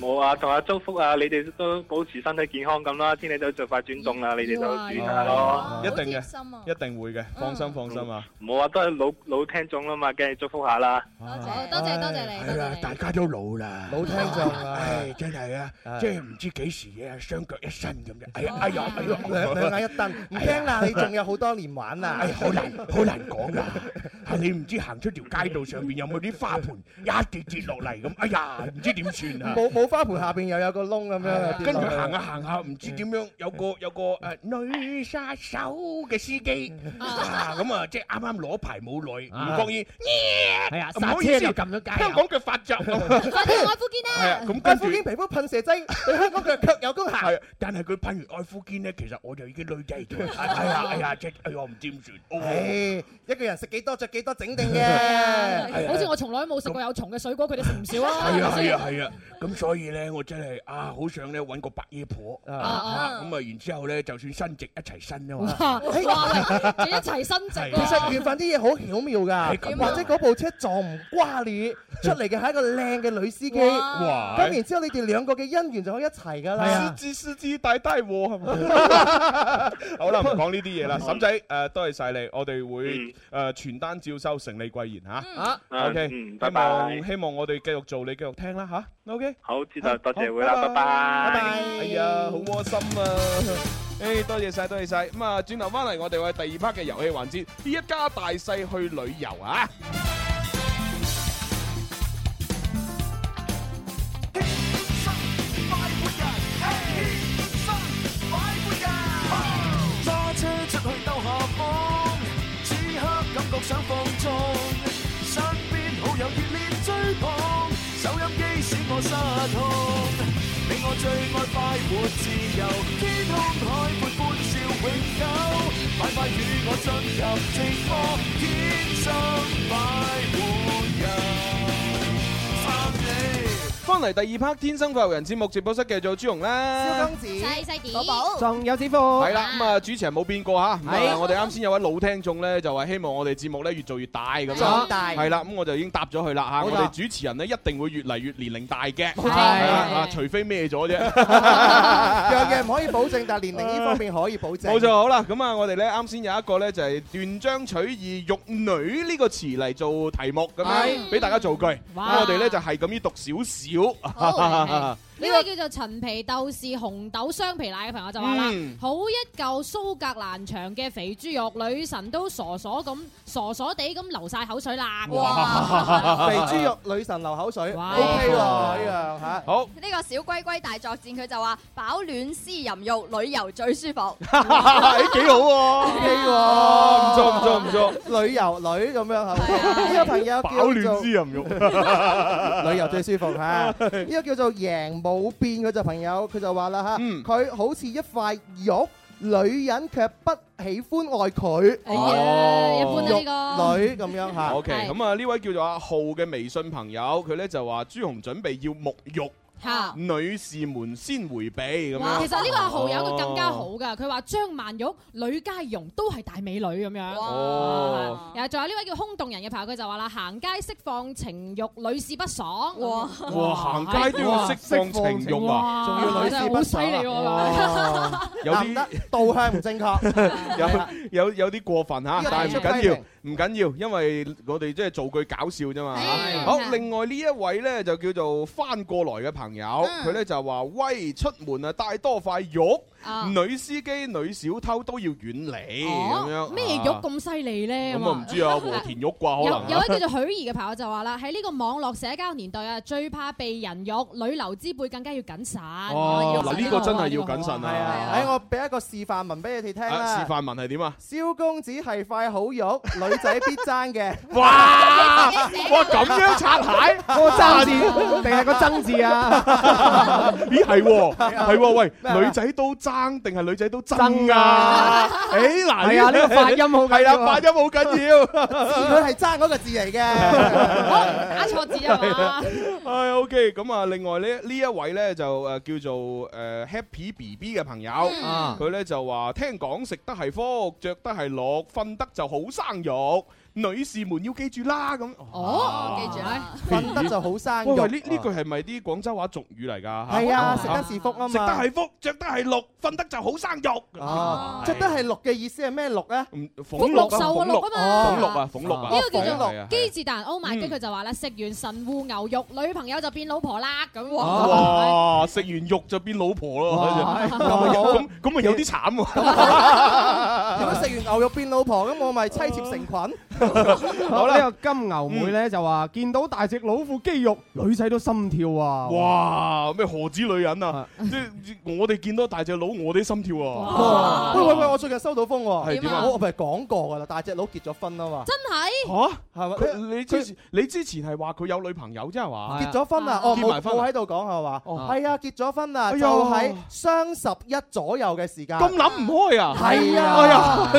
冇啊，同阿祝福啊，你哋都保持身體健康咁啦。天氣都儘快轉凍啦，你哋就暖下咯。一定嘅，一定會嘅，放心放心啊！冇啊都係老老聽眾啦嘛，梗係祝福下啦。多謝多謝多謝你。係啊，大家都老啦，冇聽眾啊，真係啊，即係唔知幾時嘢雙腳一伸咁嘅。哎呀哎呀，兩兩眼一瞪，唔聽啦，你仲有好多年玩啊。好難好難講啊，你唔知行出條街道上邊有冇啲花盆一跌跌落嚟咁。哎呀，唔知點算啊。冇冇。花盆下邊又有個窿咁樣，跟住行下行下，唔知點樣有個有個誒女殺手嘅司機，咁啊即係啱啱攞牌冇耐唔覺意，係啊，揸車就撳咗街。香港腳發作，發作愛膚堅啊，咁跟住愛膚堅皮膚噴射劑，香港腳卻有功效。係，但係佢噴完愛膚堅咧，其實我就已經女仔咗。係啊，係啊，即係哎呀，唔知點算。O K，一個人食幾多著幾多整定嘅，好似我從來都冇食過有蟲嘅水果，佢哋食唔少啊。係啊，係啊，係啊，咁所以。咧我真係啊，好想咧揾個白姨婆啊，咁啊，然之後咧就算伸直一齊伸啫嘛，一齊伸直。其實緣分啲嘢好巧妙噶或者嗰部車撞唔瓜你，出嚟嘅係一個靚嘅女司機，咁然之後你哋兩個嘅姻緣就可以一齊噶啦，師之師之大大。好啦，唔講呢啲嘢啦，嬸仔誒，多謝晒你，我哋會誒全單照收，成你貴言吓吓，ok，希望希望我哋繼續做，你繼續聽啦吓。O Okay . K，好，知道多謝好會啦，拜拜，拜拜。拜拜，哎呀，好窩心啊，誒、 哎，多謝晒，多謝晒，咁啊，轉頭翻嚟，我哋話第二 part 嘅遊戲環節，呢一家大細去旅遊啊。天生快活人，嘿天生快活人。揸車好出去兜下風，此刻感覺想放。你我最愛快活自由，天空海闊歡笑永久，快快與我進入寂寞，天生快活人。翻嚟第二 part《天生快活人》節目直播室繼續朱紅啦，蕭公子、細細啲、果寶，仲有子富，係啦咁啊！主持人冇變過嚇，係我哋啱先有位老聽眾咧，就話希望我哋節目咧越做越大咁樣，大係啦，咁我就已經答咗佢啦嚇，我哋主持人咧一定會越嚟越年齡大嘅，係啊，除非咩咗啫，樣嘢唔可以保證，但係年齡呢方面可以保證。冇錯，好啦，咁啊，我哋咧啱先有一個咧就係斷章取義玉女呢個詞嚟做題目咁樣，俾大家造句，我哋咧就係咁樣讀少少。有，哈哈哈哈哈。呢位叫做陳皮豆豉紅豆雙皮奶嘅朋友就話啦，好一嚿蘇格蘭場嘅肥豬肉女神都傻傻咁傻傻地咁流晒口水啦！哇，肥豬肉女神流口水，O K 喎，呢樣吓，好，呢個小龜龜大作戰佢就話飽暖思淫欲，旅遊最舒服，呢幾好喎，O K 喎，唔錯唔錯唔錯，旅遊女咁樣吓，呢個朋友叫做飽暖思淫欲，旅遊最舒服吓，呢個叫做贏。冇變佢朋友，佢就話啦吓，嗯，佢好似一塊玉，女人卻不喜歡愛佢。哎呀、哦，yeah, 一般呢、啊、個女咁 樣吓。OK，咁啊呢位叫做阿浩嘅微信朋友，佢咧就話朱紅準備要沐浴。女士們先迴避咁樣。哇其實呢個好友佢更加好噶，佢話、哦、張曼玉、呂佳容都係大美女咁樣。哇！然後仲有呢位叫空洞人嘅朋友，佢就話啦：行街釋放情欲，女士不爽。哇！哇行街都要釋放情欲啊！仲哇要女士不爽、啊。哇！有啲導向唔正確，有有有啲過分嚇， 但係唔緊要。唔緊要，因為我哋即係做句搞笑啫嘛。Yeah. 好，另外呢一位咧就叫做翻過來嘅朋友，佢咧 Yeah. 就話：喂，出門啊，帶多塊肉。」女司機、女小偷都要遠離咁樣，咩玉咁犀利咧？咁我唔知啊，和田玉啩？可能有位叫做許儀嘅朋友就話啦，喺呢個網絡社交年代啊，最怕被人玉，女流之輩更加要謹慎。哦，嗱，呢個真係要謹慎啊！喺我俾一個示範文俾你哋聽啦。示範文係點啊？蕭公子係塊好玉，女仔必爭嘅。哇！哇咁樣擦鞋個爭字定係個爭字啊？咦，係喎，係喎，喂，女仔都爭。爭定係女仔都爭㗎、啊，誒嗱呢個發音好係啊，啊，發音好緊要、啊，佢係爭嗰個字嚟嘅，我 打錯字啊嘛，係 OK，咁啊，okay，另外呢呢一位咧就誒叫做誒、uh, Happy BB 嘅朋友，佢咧、嗯、就話聽講食得係福，着得係樂，瞓得就好生肉。女士們要記住啦，咁哦，記住啦，瞓得就好生。喂，呢呢句係咪啲廣州話俗語嚟噶？係啊，食得是福啊嘛，食得係福，着得係綠，瞓得就好生肉。哦，着得係綠嘅意思係咩綠咧？嗯，粉綠啊，粉綠啊，粉綠啊，粉綠啊。呢個叫做綠。機智達人 O May，跟佢就話啦，食完神戶牛肉，女朋友就變老婆啦。咁哇，食完肉就變老婆咯，咁咁咪有啲慘喎。咁食完牛肉變老婆，咁我咪妻妾成群。好啦，呢個金牛妹咧就話見到大隻佬副肌肉，女仔都心跳啊。哇，咩何止女人啊！即我哋見到大隻佬，我哋心跳啊！喂喂喂，我最近收到風喎。係點啊？我唔係講過噶啦，大隻佬結咗婚啊嘛。真係吓，係嘛？佢你之你之前係話佢有女朋友啫，係話結咗婚啦，結埋婚我喺度講係話？係啊，結咗婚啊，又喺雙十一左右嘅時間，咁諗唔開啊！係啊，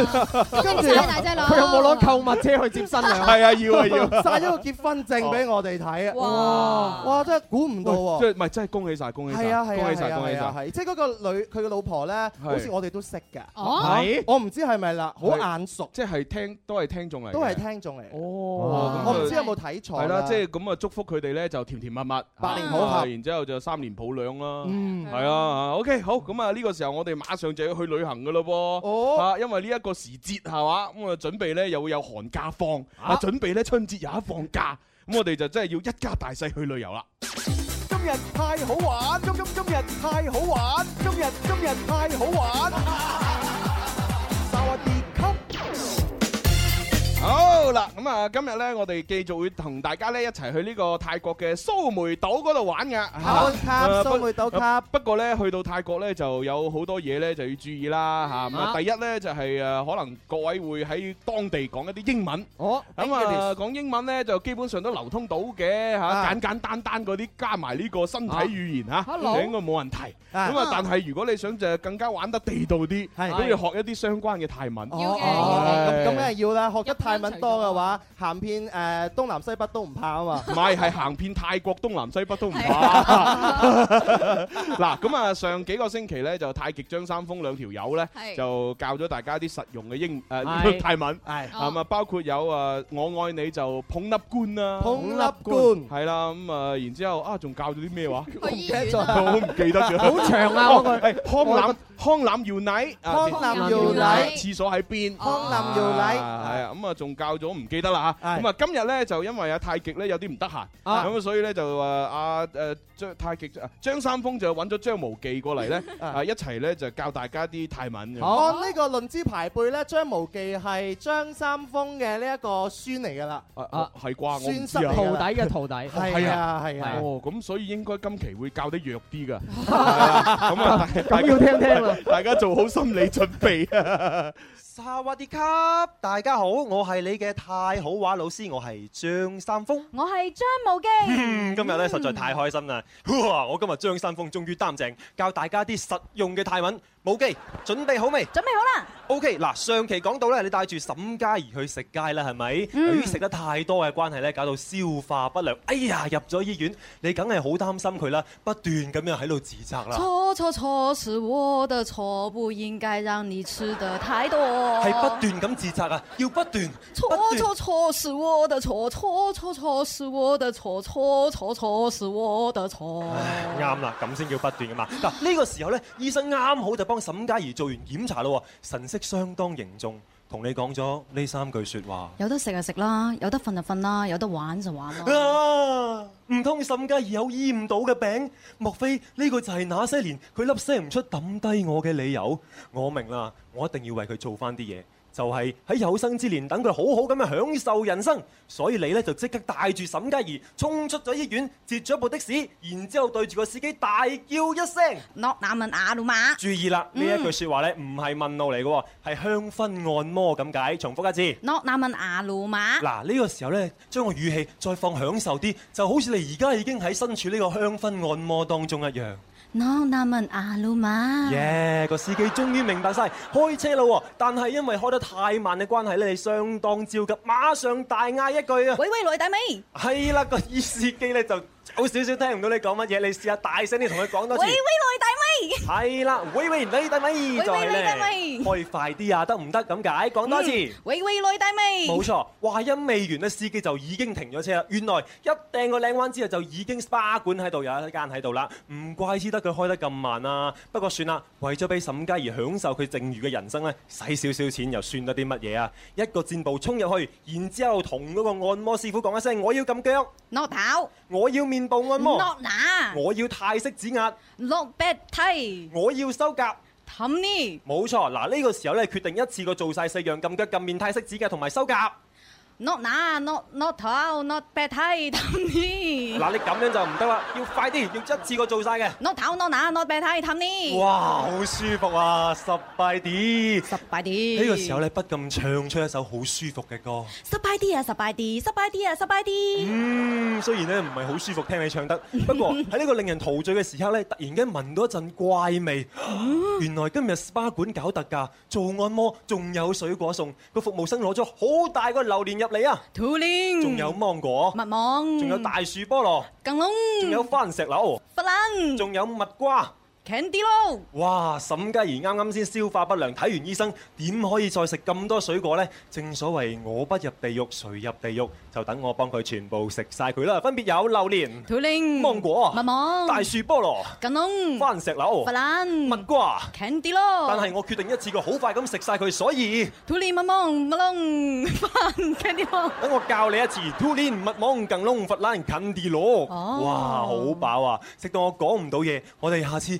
跟住大隻佬佢有冇攞購物去接新娘，係啊，要啊，要晒咗個結婚證俾我哋睇啊！哇哇，真係估唔到即喎！唔係真係恭喜晒，恭喜曬，恭喜晒。恭喜曬！係即係嗰個女佢嘅老婆咧，好似我哋都識㗎。我唔知係咪啦，好眼熟。即係聽都係聽眾嚟，都係聽眾嚟。哦，我唔知有冇睇錯。係啦，即係咁啊，祝福佢哋咧就甜甜蜜蜜、百年好合，然之後就三年抱兩啦。嗯，係啊。OK，好咁啊！呢個時候我哋馬上就要去旅行㗎咯噃。哦，因為呢一個時節係嘛，咁啊，準備咧又會有寒假。假放啊！準備咧，春節有一放假，咁我哋就真係要一家大細去旅遊啦。今日太好玩，今今今日太好玩，今日今日太好玩。 好啦，咁啊，今日咧，我哋繼續會同大家咧一齊去呢個泰國嘅蘇梅島嗰度玩㗎。㗎蘇梅島㗎。不過咧，去到泰國咧就有好多嘢咧就要注意啦嚇。咁啊，第一咧就係誒可能各位會喺當地講一啲英文。哦。咁啊講英文咧就基本上都流通到嘅嚇，簡簡單單嗰啲加埋呢個身體語言嚇，應該冇問題。咁啊，但係如果你想就更加玩得地道啲，都要學一啲相關嘅泰文。要嘅，咁咁梗係要啦，學一泰。泰文多嘅話，行遍誒東南西北都唔怕啊嘛！唔係，係行遍泰國東南西北都唔怕。嗱咁啊，上幾個星期咧就太極張三豐兩條友咧就教咗大家啲實用嘅英誒泰文，咁啊包括有啊我愛你就捧粒觀啦，捧粒觀係啦咁啊，然之後啊仲教咗啲咩話？我唔記得咗啦，好長啊！康南康南搖奶，康南搖奶，廁所喺邊？康南搖奶係啊咁啊！仲教咗唔記得啦嚇，咁啊今日咧就因為啊太極咧有啲唔得閒，咁所以咧就啊阿誒張太極張三豐就揾咗張無忌過嚟咧啊，一齊咧就教大家啲泰文。按呢個論資排輩咧，張無忌係張三豐嘅呢一個孫嚟噶啦，係啩，孫師徒弟嘅徒弟，係啊係啊。哦，咁所以應該今期會教得弱啲噶，咁大家要聽聽，大家做好心理準備啊！沙瓦迪卡！大家好，我係你嘅太好話老師，我係張三豐，我係張無忌。 今日呢實在太開心啦！ 我今日張三豐終於擔正教大家啲實用嘅泰文。冇機，準備好未？準備好啦。OK，嗱，上期講到咧，你帶住沈佳宜去食街啦，係咪？嗯、由於食得太多嘅關係咧，搞到消化不良。哎呀，入咗醫院，你梗係好擔心佢啦，不斷咁樣喺度自責啦。錯錯錯，是我的錯，不應該讓你吃得太多。係不斷咁自責啊，要不斷。不斷錯錯錯，是我的錯。錯錯錯，是我的錯。錯錯錯，是我的錯。啱啦，咁先叫不斷㗎嘛。嗱，呢個時候咧，醫生啱好就幫沈嘉怡做完檢查咯，神色相當凝重，同你講咗呢三句説話有吃吃：有得食就食啦，有得瞓就瞓啦，有得玩就玩啦。唔通、啊、沈嘉怡有醫唔到嘅病？莫非呢個就係那些年佢粒聲唔出揼低我嘅理由？我明啦，我一定要為佢做翻啲嘢。就係喺有生之年等佢好好咁樣享受人生，所以你呢就即刻帶住沈嘉怡衝出咗醫院，截咗部的士，然之後對住個司機大叫一聲：諾那文雅魯馬。注意啦，呢、mm. 一句説話呢唔係問路嚟嘅，係香薰按摩咁解。重複一次，諾那文雅魯馬。嗱，呢個時候呢將個語氣再放享受啲，就好似你而家已經喺身處呢個香薰按摩當中一樣。攞難民阿老馬，耶個、um yeah, 司機終於明白晒開車啦，但係因為開得太慢嘅關係咧，你相當焦急，馬上大嗌一句啊！喂喂，來大美，係啦個司機咧就。好少少聽唔到你講乜嘢，你試下大聲啲同佢講多次。喂喂，大咪，係啦，喂喂，大咪喂就係咧，開快啲啊，得唔得咁解？講多次。喂、嗯、喂，喂大咪，冇錯。話音未完，咧司機就已經停咗車啦。原來一掟個靚灣之後，就已經 SPA 館喺度有一間喺度啦。唔怪之得佢開得咁慢啊。不過算啦，為咗俾沈佳儀享受佢剩餘嘅人生咧，使少少錢又算得啲乜嘢啊？一個箭步衝入去，然之後同嗰個按摩師傅講一聲，我要撳腳。攞跑行。我要。面部按摩，Not that. 我要泰式指壓，我要修甲，冇錯 's，嗱呢 's、這個時候咧決定一次過做晒四樣，撳腳、撳面、泰式指壓同埋修甲。No, no, no, to, not now, not not now not bad tired me。嗱，你咁樣就唔得啦，要快啲，要一次過做晒嘅。No, no, no, no, not now, not now, not bad tired me。哇，好舒服啊，失敗啲，失敗啲。呢個時候咧，不禁唱出一首好舒服嘅歌。失敗啲啊，失敗啲，失敗啲啊，失敗啲。嗯，雖然咧唔係好舒服聽你唱得，不過喺呢個令人陶醉嘅時刻咧，突然間聞到一陣怪味。原來今日 spa 館搞特價，做按摩仲有水果送，個服務生攞咗好大個榴蓮入你仲、啊、榴蓮 有芒果，蜜芒，仲有大樹菠蘿，更仲隆 有番石榴，佛仲有蜜瓜。candy 咯，哇！沈嘉怡啱啱先消化不良，睇完醫生，點可以再食咁多水果呢？正所謂我不入地獄，誰入地獄？就等我幫佢全部食曬佢啦。分別有榴蓮、to lemon、芒果、蜜芒、大樹菠蘿、檸檬、番石榴、佛蘭、蜜瓜、candy 咯。但係我決定一次過好快咁食曬佢，所以 to lemon、蜜芒、檸檬、番石榴。等我教你一次，to lemon、蜜芒、檸檬、佛蘭、candy 咯。哇！好飽啊！食到我講唔到嘢。我哋下次。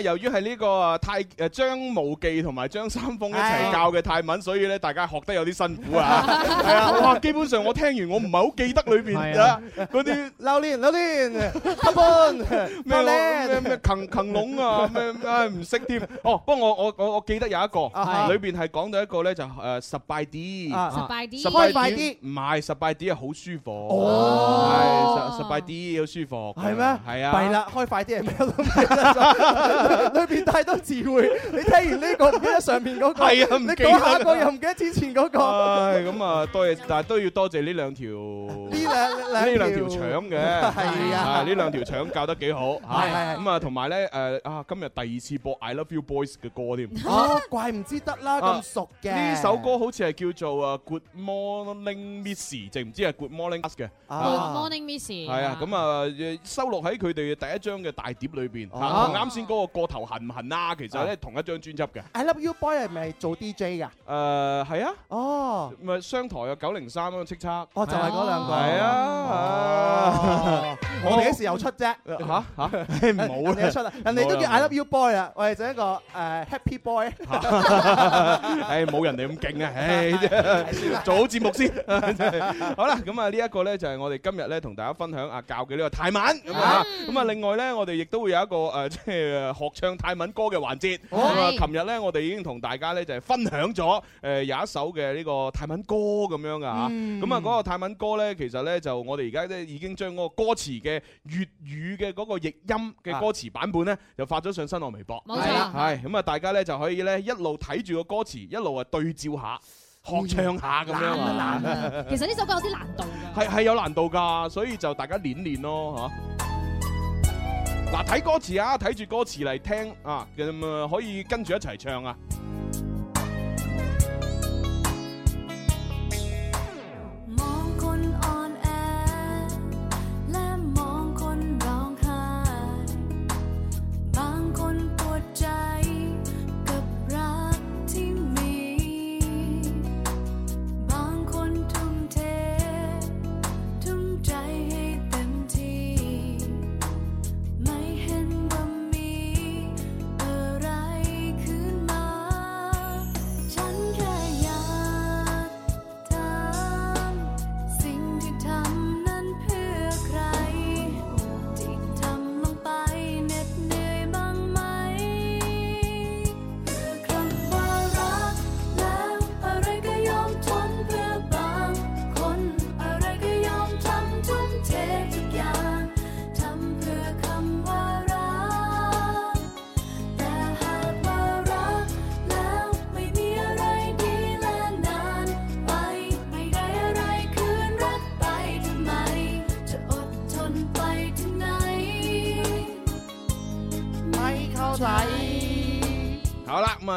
由於係呢個啊泰誒張無忌同埋張三豐一齊教嘅泰文，所以咧大家學得有啲辛苦啊！係啊，哇！基本上我聽完我唔係好記得裏邊嗰啲，榴蓮榴蓮，三豐咩咩騰騰龍啊咩咩唔識添。哦，不過我我我記得有一個，裏邊係講到一個咧就誒十八啲，十八啲，開快啲，唔係十八啲係好舒服。哦，十十八啲好舒服，係咩？係啊，係啦，開快啲係咩？裏邊太多字彙，你聽完呢個，跟住上邊嗰個，係啊，唔記得下個又唔記得之前嗰個。咁啊，多謝，但係都要多謝呢兩條，呢兩條，呢兩條腸嘅，係啊，呢兩條腸教得幾好，係。咁啊，同埋咧，誒啊，今日第二次播《I Love You Boys》嘅歌添，啊，怪唔知得啦，咁熟嘅。呢首歌好似係叫做《啊 Good Morning Miss》，正唔知係《Good Morning Miss》嘅，《Good Morning Miss》係啊。咁啊，收錄喺佢哋嘅第一張嘅大碟裏邊，同啱先嗰個個頭痕唔痕啊？其實咧同一張專輯嘅。I Love You Boy 係咪做 DJ 噶？誒係啊。哦。咪商台啊九零三啊叱咤。哦就係嗰兩個。係啊。我哋幾時又出啫？吓吓。冇你出啊！人哋都叫 I Love You Boy 啊！我哋就一個誒 Happy Boy。唉冇人哋咁勁啊！唉，做好節目先。好啦，咁啊呢一個咧就係我哋今日咧同大家分享啊教嘅呢個泰文。咁啊另外咧我哋亦都會有一個誒即係。學唱泰文歌嘅環節，咁啊是，琴日咧我哋已經同大家咧就係分享咗，誒有一首嘅呢個泰文歌咁樣噶吓，咁啊嗰個泰文歌咧，其實咧就我哋而家即係已經將嗰個歌詞嘅粵語嘅嗰個譯音嘅歌詞版本咧，又發咗上新浪微博，冇係是，咁啊是大家咧就可以咧一路睇住個歌詞，一路啊對照下學唱下咁樣、嗯、啊，其實呢首歌有啲難度，係係有難度噶，所以就大家練練咯吓。嗱，睇歌詞啊，睇住歌詞嚟聽啊，咁啊可以跟住一齊唱啊！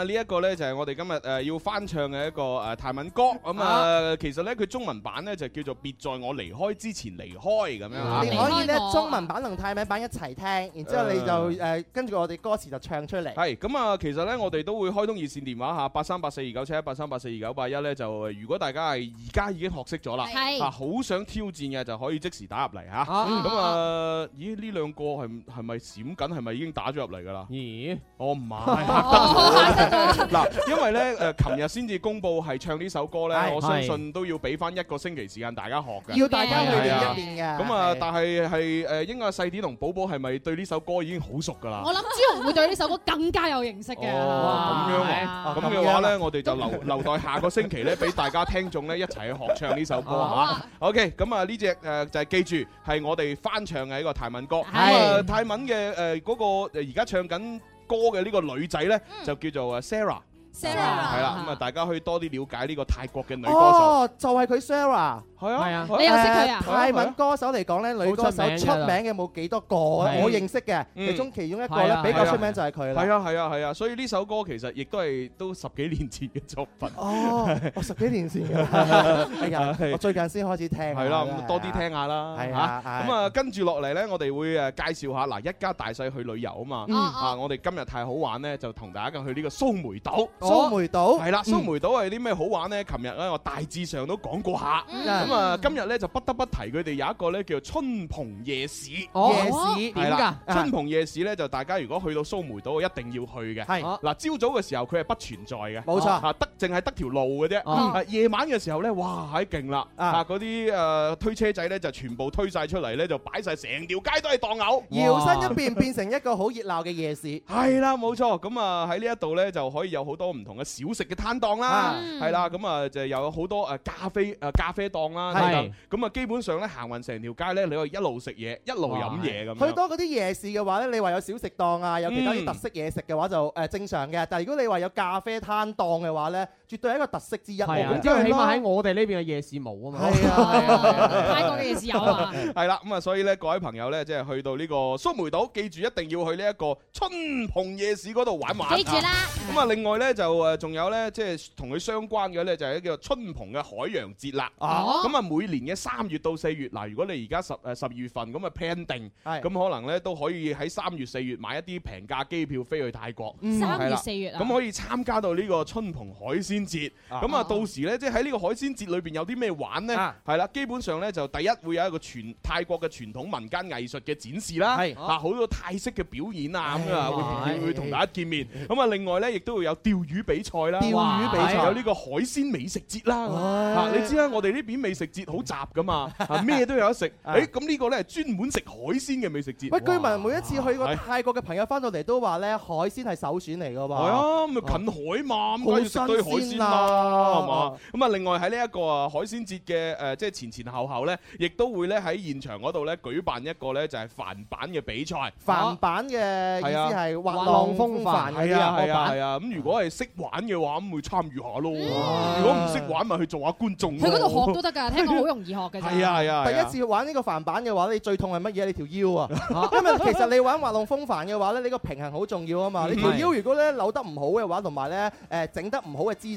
呢一、嗯嗯、個呢，就係我哋今日誒要翻唱嘅一個誒、呃、泰文歌咁、嗯、啊！其實呢，佢中文版呢，就叫做《別在我離開之前離開》咁樣。嗯啊、你可以呢，中文版同泰文版一齊聽，然之後你就誒、呃啊、跟住我哋歌詞就唱出嚟。係咁啊！其實呢，我哋都會開通熱線電話嚇，八三八四二九七一八三八四二九八一呢，就，如果大家係而家已經學識咗啦，啊好想挑戰嘅就可以即時打入嚟嚇。咁啊？咦、啊？呢、啊啊啊啊啊啊啊啊、兩個係係咪閃緊？係咪已經打咗入嚟噶啦？咦、啊？我唔係。嗱，因為咧誒，琴日先至公佈係唱呢首歌咧，我相信都要俾翻一個星期時間大家學嘅，要大家去練一練嘅。咁啊，但係係誒，應該細啲同寶寶係咪對呢首歌已經好熟噶啦？我諗朱紅會對呢首歌更加有認識嘅。咁樣啊，咁嘅話咧，我哋就留留待下個星期咧，俾大家聽眾咧一齊去學唱呢首歌嚇。OK，咁啊呢隻誒就係記住係我哋翻唱嘅一個泰文歌。咁啊泰文嘅誒嗰個而家唱緊。歌嘅呢個女仔呢，嗯、就叫做 Sarah，Sarah 係啦，咁啊了、嗯、大家可以多啲了解呢個泰國嘅女歌手。哦，就係、是、佢 Sarah。係啊，你又識佢啊？泰文歌手嚟講咧，女歌手出名嘅冇幾多個，我認識嘅其中其中一個咧比較出名就係佢啦。係啊，係啊，係啊！所以呢首歌其實亦都係都十幾年前嘅作品。哦，十幾年前嘅，係啊，我最近先開始聽。係啦，咁多啲聽下啦，嚇咁啊，跟住落嚟咧，我哋會誒介紹下嗱，一家大細去旅遊啊嘛。啊，我哋今日太好玩咧，就同大家去呢個蘇梅島。蘇梅島係啦，蘇梅島係啲咩好玩咧？琴日咧我大致上都講過下。咁啊，今日咧就不得不提佢哋有一個咧叫做春蓬夜市，夜市點㗎？春蓬夜市咧就大家如果去到蘇梅島，一定要去嘅。係嗱，朝早嘅時候佢係不存在嘅，冇錯吓，得淨係得條路嘅啫。夜晚嘅時候咧，哇，係勁啦！啊，嗰啲誒推車仔咧就全部推晒出嚟咧，就擺晒成條街都係檔口，搖身一變變成一個好熱鬧嘅夜市。係啦，冇錯。咁啊喺呢一度咧就可以有好多唔同嘅小食嘅攤檔啦，係啦。咁啊就有好多誒咖啡誒咖啡檔。係，咁啊基本上咧，行勻成條街咧，你可以一路食嘢，一路飲嘢咁樣。去多嗰啲夜市嘅話咧，你話有小食檔啊，有其他啲特色嘢食嘅話就誒正常嘅。嗯、但係如果你話有咖啡攤檔嘅話咧，絕對係一個特色之一，因為起碼喺我哋呢邊嘅夜市冇啊嘛，泰國嘅夜市有啊。係啦，咁啊，所以咧，各位朋友咧，即係去到呢個蘇梅島，記住一定要去呢一個春蓬夜市嗰度玩玩。記住啦！咁啊，另外咧就誒仲有咧，即係同佢相關嘅咧，就係一個春蓬嘅海洋節啦。哦。咁啊，每年嘅三月到四月，嗱，如果你而家十誒十二月份咁啊 plan 定，係咁可能咧都可以喺三月四月買一啲平價機票飛去泰國。三月四月啊！咁可以參加到呢個春蓬海鮮節。咁啊，到時咧，即係喺呢個海鮮節裏邊有啲咩玩咧？係啦，基本上咧就第一會有一個全泰國嘅傳統民間藝術嘅展示啦，啊好多泰式嘅表演啊咁啊，會會同大家見面。咁啊，另外咧亦都會有釣魚比賽啦，釣魚比賽有呢個海鮮美食節啦。你知啦，我哋呢邊美食節好雜噶嘛，咩都有得食。誒，咁呢個咧係專門食海鮮嘅美食節。喂，據聞每一次去過泰國嘅朋友翻到嚟都話咧，海鮮係首選嚟噶嘛。係啊，咪近海嘛，咁計食堆海啦，係嘛、啊？咁啊，啊，另外喺呢一個啊海鮮節嘅誒，即、呃、係、就是、前前後後咧，亦都會咧喺現場嗰度咧舉辦一個咧就係帆板嘅比賽。帆板嘅意思係滑浪風帆。係啊係啊係啊！咁、啊啊啊啊啊、如果係識玩嘅話，咁會參與下咯。嗯、如果唔識玩，咪去做下觀眾。去嗰度學都得㗎，聽講好容易學嘅。係啊係啊！啊啊第一次玩呢個帆板嘅話，你最痛係乜嘢？你條腰啊！因為其實你玩滑浪風帆嘅話咧，你個平衡好重要啊嘛。嗯、你條腰如果咧扭得唔好嘅話，同埋咧誒整得唔好嘅姿。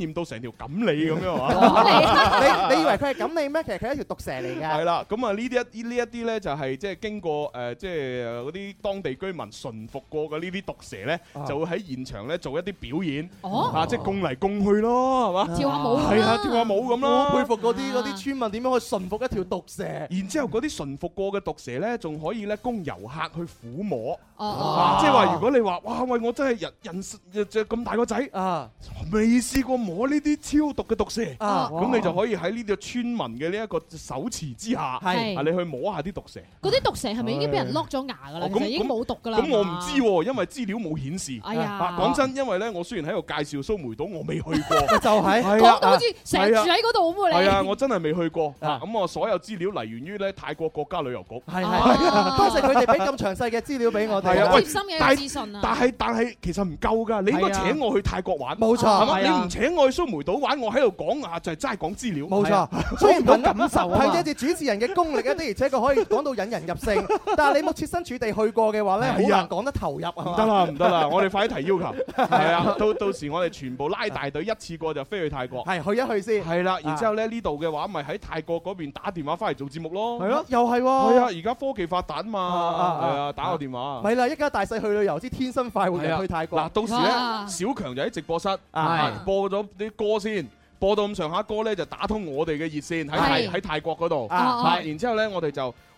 念到成條錦鯉咁樣嘛？你你以為佢係錦鯉咩？其實佢係一條毒蛇嚟嘅。係啦，咁啊呢啲一呢一啲咧就係即係經過誒即係嗰啲當地居民馴服過嘅呢啲毒蛇咧，就會喺現場咧做一啲表演，啊即係供嚟供去咯，係嘛？跳下舞。係啊，跳下舞咁啦。我佩服嗰啲嗰啲村民點樣可以馴服一條毒蛇。然之後嗰啲馴服過嘅毒蛇咧，仲可以咧供遊客去撫摸。哦，即係話如果你話哇喂，我真係人人即係咁大個仔啊，未試過。摸呢啲超毒嘅毒蛇，咁你就可以喺呢啲村民嘅呢一個手持之下，啊你去摸下啲毒蛇。嗰啲毒蛇係咪已經俾人碌咗牙㗎啦？已經冇毒㗎啦。咁我唔知喎，因為資料冇顯示。哎呀，講真，因為咧，我雖然喺度介紹蘇梅島，我未去過。就係講到好似成日住喺嗰度咁喎。啊，我真係未去過。咁我所有資料嚟源於咧泰國國家旅遊局。係係，當時佢哋俾咁詳細嘅資料俾我睇。有心嘅資訊啊。係啊，但係但係其實唔夠㗎。你應該請我去泰國玩。冇錯，你唔請我。去蘇梅島玩，我喺度講啊，就係齋講資料。冇錯，所以唔到感受，係借住主持人嘅功力咧，的而且確可以講到引人入勝。但係你冇設身處地去過嘅話咧，好難講得投入啊！唔得啦，唔得啦，我哋快啲提要求係啊！到到時我哋全部拉大隊一次過就飛去泰國，係去一去先係啦。然之後咧呢度嘅話，咪喺泰國嗰邊打電話翻嚟做節目咯。係咯，又係係啊！而家科技發達啊嘛，係啊，打個電話。係啦，一家大細去旅遊先，天生快活去泰國。嗱，到時咧，小強就喺直播室直播嗰種。啲歌先播到咁上下歌咧，就打通我哋嘅熱線，喺泰喺泰國度，啊，啊是然之後咧我哋就。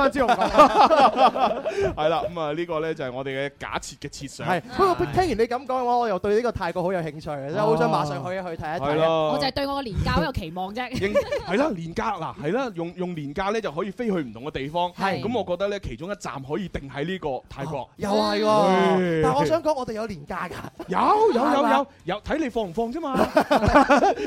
翻之後，係啦、嗯、咁、這、啊、個，呢個咧就係、是、我哋嘅假設嘅設想。係是，不過 Ay y. 聽完你咁講嘅話，我又對呢個泰國好有興趣，真係好想馬上去一去睇一睇。係咯，我就係對我嘅年假好有期望啫。係啦，年假嗱，係啦，用用年假咧就可以飛去唔同嘅地方。係，咁我覺得咧，其中一站可以定喺呢個泰國。又係喎，但係我想講，我哋有年假㗎。有有有有有，睇你放唔放啫嘛。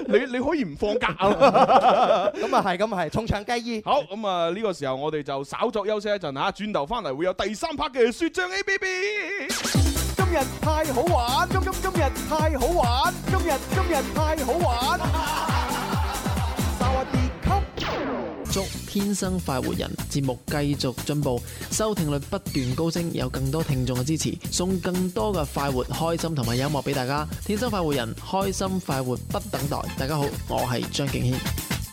你你可以唔放假啊？咁啊係，咁啊係，從長計議。好，咁啊呢個時候我哋就稍作休息一陣嚇，轉頭翻嚟會有第三 part 嘅說唱 app。今日太好玩，今今日太好玩，今日今日太好玩。祝天生快活人節目繼續進步，收聽率不斷高升，有更多聽眾嘅支持，送更多嘅快活、開心同埋音樂俾大家。天生快活人，開心快活不等待。大家好，我係張敬軒。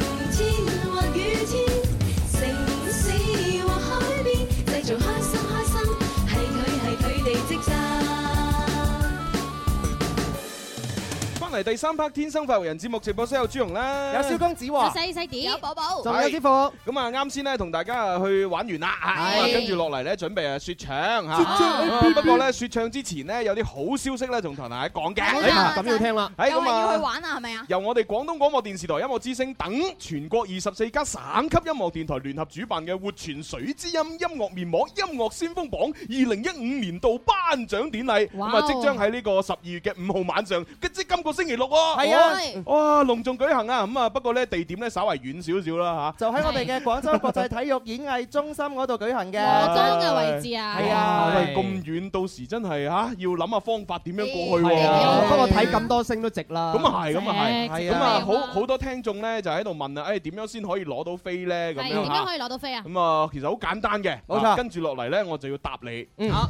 嚟第三 part 天生快活人節目直播室，有朱紅啦，有蕭公子，有細細碟，有寶寶，仲有師傅。咁啊，啱先咧同大家啊去玩完啦，跟住落嚟咧準備啊說唱吓。不過咧說唱之前呢，有啲好消息咧同台下講嘅，咁要聽啦。哎，咁啊，要去玩啊，係咪啊？由我哋廣東廣播電視台音樂之聲等全國二十四家省級音樂電台聯合主辦嘅《活泉水之音》音樂面膜音樂先鋒榜二零一五年度頒獎典禮，咁啊即將喺呢個十二月嘅五號晚上。即今個星星期六喎，係啊，哇，隆重舉行啊，咁啊，不過咧地點咧稍為遠少少啦吓，就喺我哋嘅廣州國際體育演藝中心嗰度舉行嘅，好正嘅位置啊，係啊，喂，咁遠，到時真係吓要諗下方法點樣過去喎，不過睇咁多星都值啦，咁啊係，咁啊係，咁啊好好多聽眾咧就喺度問啊，誒，點樣先可以攞到飛咧咁樣吓，點樣可以攞到飛啊？咁啊，其實好簡單嘅，冇錯，跟住落嚟咧，我就要答你，好，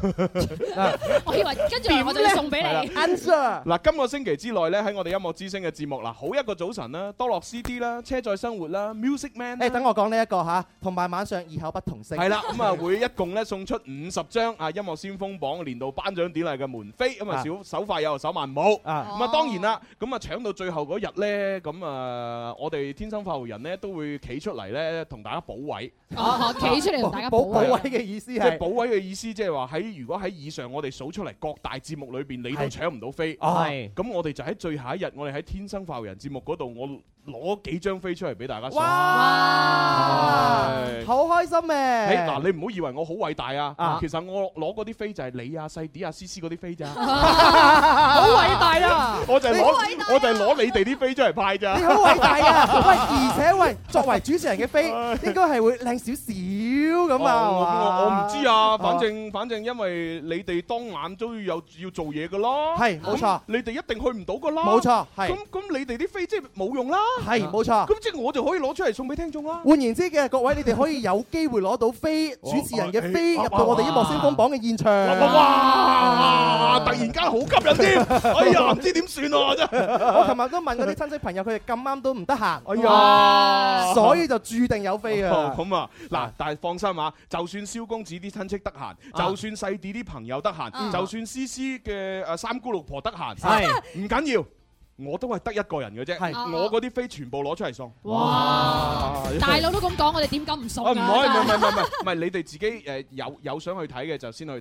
我以為跟住我都送俾你 answer，嗱，今個星期之內咧。喺我哋音樂之聲嘅節目啦，好一個早晨啦，多樂 CD 啦，車載生活啦，Music Man，誒，等我講呢一個吓，同埋晚上異口不同聲。係啦，咁啊會一共咧送出五十張啊音樂先鋒榜年度頒獎典禮嘅門飛，咁啊少手快有手慢冇。啊，咁啊當然啦，咁啊搶到最後嗰日咧，咁啊我哋天生快活人咧都會企出嚟咧同大家補位。哦，企出嚟同大家補位。補位嘅意思係？即係補位嘅意思，即係話喺如果喺以上我哋數出嚟各大節目裏邊，你都搶唔到飛，係咁我哋就喺最。下一日我哋喺《天生快活人》節目嗰度，我攞幾張飛出嚟俾大家送，哇！好開心咩？嗱，你唔好以為我好偉大啊！其實我攞嗰啲飛就係你啊、細啲啊、思思嗰啲飛咋，好偉大啊！我就攞我就係攞你哋啲飛出嚟派咋，你好偉大啊！而且喂，作為主持人嘅飛應該係會靚少少咁啊！我唔知啊，反正反正因為你哋當晚都要有要做嘢㗎咯，係冇錯，你哋一定去唔到㗎啦，冇錯，咁咁你哋啲飛即係冇用啦。係冇錯，咁即係我就可以攞出嚟送俾聽眾啦。換言之嘅，各位你哋可以有機會攞到飛，主持人嘅飛入到我哋呢個音樂先鋒榜嘅現場。哇！突然間好吸引添，哎呀，唔知點算啊！真，我琴日都問嗰啲親戚朋友，佢哋咁啱都唔得閒。哎呀，所以就注定有飛啊！哦，咁啊，嗱，但係放心啊，就算蕭公子啲親戚得閒，就算細弟朋友得閒，就算思思嘅阿三姑六婆得閒，係唔緊要。我都係得一個人嘅啫，係我嗰啲飛全部攞出嚟送。哇！大佬都咁講，我哋點敢唔送？啊，唔可以唔唔唔唔唔，係你哋自己誒，有有想去睇嘅就先去睇。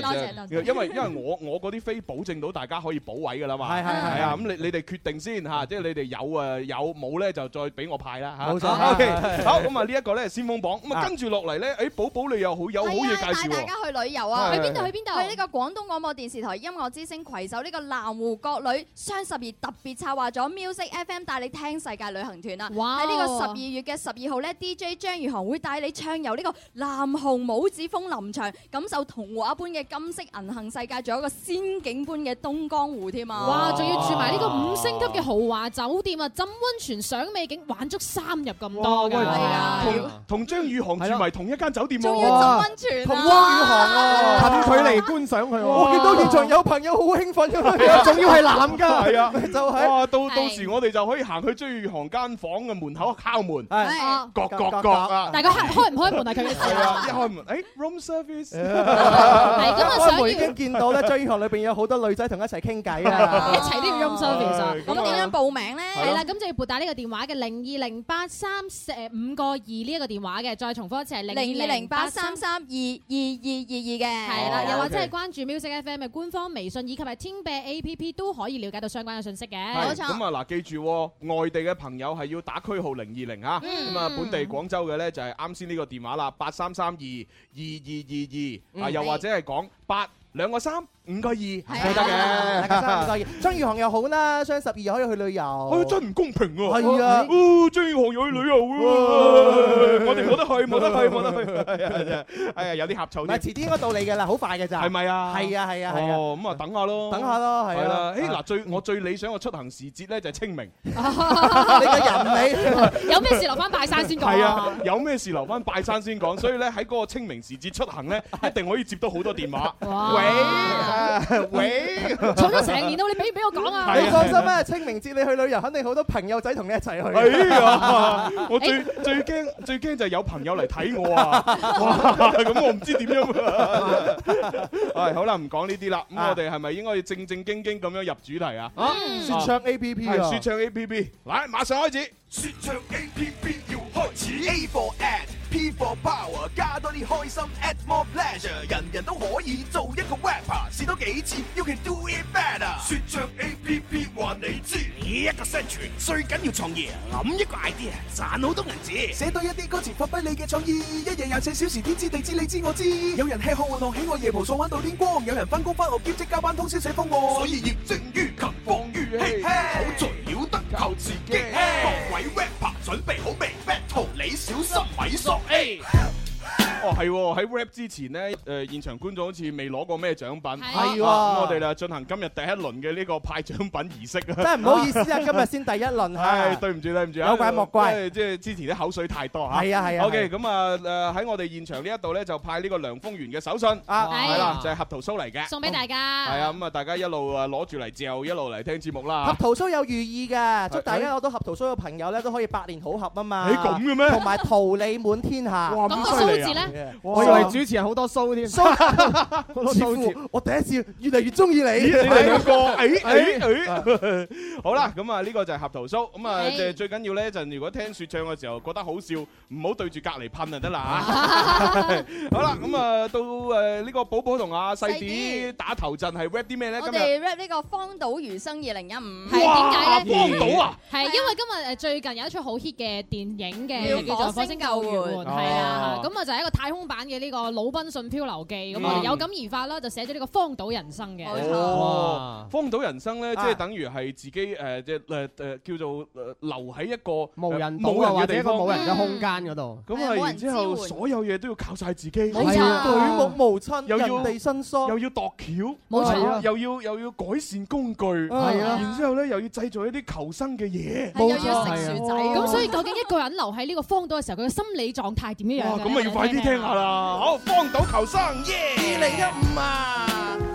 多謝多謝。因為因為我我嗰啲飛保證到大家可以保位㗎啦嘛。係係係啊，咁你你哋決定先嚇，即係你哋有誒有冇咧就再俾我派啦嚇。冇錯。O K。好咁啊，呢一個咧先鋒榜咁啊，跟住落嚟咧，誒寶寶你又好有好嘢介紹。帶大家去旅遊啊！去邊度去邊度？去呢個廣東廣播電視台音樂之星攜手呢個南湖國旅雙十。特別特別策劃咗 Music FM 帶你聽世界旅行團啦！喺呢個十二月嘅十二號呢，DJ 張宇航會帶你暢遊呢個南雄帽子峰林場，感受童話般嘅金色銀杏世界，仲有一個仙境般嘅東江湖添啊！哇！仲要住埋呢個五星級嘅豪華酒店啊，浸溫泉賞美景，玩足三日咁多嘅，係啊！同張宇航住埋同一間酒店，仲要浸溫泉，同張宇航啊，近距離觀賞佢，我見到現場有朋友好興奮，仲要係男噶，就係哇！到到時我哋就可以行去追宇航間房嘅門口敲門，係，各各各啊！但係佢開唔開門啊？佢係啊，一開門，誒，room service 係咁啊！我已經見到咧，追宇航裏邊有好多女仔同一齊傾偈啊！一齊都要 room service。咁點樣報名咧？係啦，咁就要撥打呢個電話嘅零二零八三四五個二呢一個電話嘅，再重複一次係零二零八三三二二二二二嘅，係啦，又或者係關注 music FM 嘅官方微信，以及係天幣 A P P 都可以了解到相有關嘅信息嘅，咁啊嗱，記住外地嘅朋友係要打區號零二零啊，咁啊本地廣州嘅呢，就係啱先呢個電話啦，八三三二二二二二啊，又或者係講八。嗯嗯嗯兩個三，五個二，係得嘅。兩個三，五個二，張宇航又好啦，雙十二可以去旅遊。真唔公平啊！係啊，張宇航又去旅遊喎，我哋冇得去，冇得去，冇得去。係啊，有啲呷醋。唔係，遲啲應該到你噶啦，好快噶咋？係咪啊？係啊，係啊，係啊。咁啊，等下咯，等下啦，係啦。誒，嗱，最我最理想嘅出行時節咧，就係清明。你個人你有咩事留翻拜山先講。係啊，有咩事留翻拜山先講。所以咧，喺嗰個清明時節出行咧，一定可以接到好多電話。喂，喂，坐咗成年到你俾俾我講啊？你放心啦，清明節你去旅遊，肯定好多朋友仔同你一齊去。哎呀，我最最驚最驚就係有朋友嚟睇我啊！咁我唔知點樣啊。哎，好啦，唔講呢啲啦，咁我哋係咪應該要正正經經咁樣入主題啊？說唱 A P P，說唱 A P P，嗱，馬上開始。說唱 A P P 要開始 A P P。P for power，加多啲開心，add more pleasure。人人都可以做一個 rapper，試多幾次，you can do it better。說唱 APP 話你知，呢一個宣傳，最緊要創意，諗一個 idea，賺好多銀紙，寫多一啲歌詞發揮你嘅創意，一日廿四小時天知地知你知我知。有人吃喝玩樂，喺我夜蒲，爽玩到天光；有人翻工翻學，兼職加班，通宵寫封我。所以業精於勤，荒於嬉，好在了得靠自己。嘿嘿各位 rapper，準備好未？你小心萎縮。A。哦，係喎，喺 rap 之前咧，誒現場觀眾好似未攞過咩獎品，係喎。咁我哋啦進行今日第一輪嘅呢個派獎品儀式啊！真係唔好意思啊，今日先第一輪，係對唔住對唔住啊！有怪莫怪，即係之前啲口水太多嚇。係啊係啊。OK，咁啊誒喺我哋現場呢一度咧就派呢個梁風源嘅手信啊，係啦，就係核桃酥嚟嘅，送俾大家。係啊，咁啊大家一路啊攞住嚟嚼，一路嚟聽節目啦。核桃酥有寓意㗎，祝大家攞到核桃酥嘅朋友咧都可以百年好合啊嘛。你咁嘅咩？同埋桃李滿天下。咁個酥字咧？我以為主持人好多 show 添，我第一次越嚟越中意你。好啦，咁啊呢個就係合頭 show，咁啊即係最緊要咧就如果聽說唱嘅時候覺得好笑，唔好對住隔籬噴就得啦。好啦，咁啊到誒呢個寶寶同阿細啲打頭陣係 rap 啲咩咧？我哋 rap 呢個《荒島餘生》二零一五。哇！係點解咧？荒島啊，係因為今日誒最近有一出好 hit 嘅電影嘅，叫做《火星救援》。係啊，咁啊就係一個。太空版嘅呢個《魯賓遜漂流記》，咁我哋有感而發啦，就寫咗呢個《荒島人生》嘅。《荒島人生》咧，即係等於係自己誒，即係誒誒叫做留喺一個冇人島嘅地方、冇人嘅空間嗰度。咁啊，然之後所有嘢都要靠晒自己。冇錯，舉目無親，人地生疏，又要度橋，冇錯，又要又要改善工具，係啦。然之後咧，又要製造一啲求生嘅嘢。又要食薯仔。咁所以究竟一個人留喺呢個荒島嘅時候，佢嘅心理狀態點樣樣？咁啊，要快啲聽。聽下啦，好，荒島求生耶！二零 Yeah. 一五啊。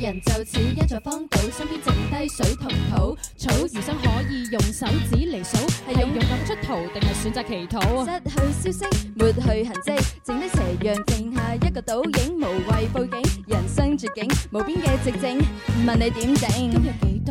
人就似一座荒島，身邊剩低水同土草，餘生可以用手指嚟數，係用勇敢出逃，定係選擇祈禱？失去消息，抹去痕跡，剩低斜陽，剩下一個倒影，無謂報警，人生絕境，無邊嘅寂靜，問你點整？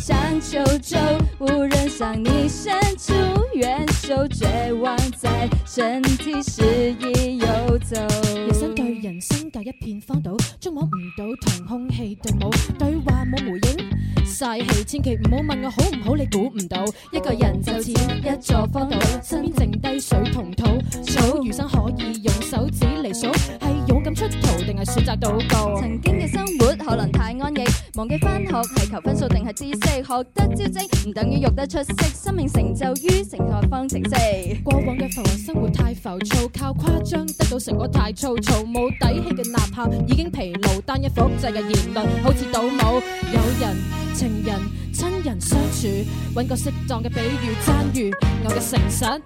想求救，無人向你伸出援手，絕望在身體肆意遊走。人生對人生隔一片荒島，捉摸唔到，同空氣對，冇對話冇回應，嘥氣，千祈唔好問我好唔好，你估唔到一個人就似一座荒島，身邊剩低水同土，草餘生可以用手指嚟數，係勇敢出逃定係選擇賭博？曾經嘅生活可能太安逸。忘記返學係求分數定係知識，學得招積唔等於育得出色。生命成就於成何方程式？過往嘅浮華生活太浮躁，靠誇張得到成果太粗糙，冇底氣嘅吶喊已經疲勞。單一複製嘅言論好似倒模，友人、情人、親人相處，揾個適當嘅比喻讚譽我嘅誠實。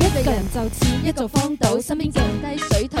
一個人就似一座荒島，身邊剩低水塘。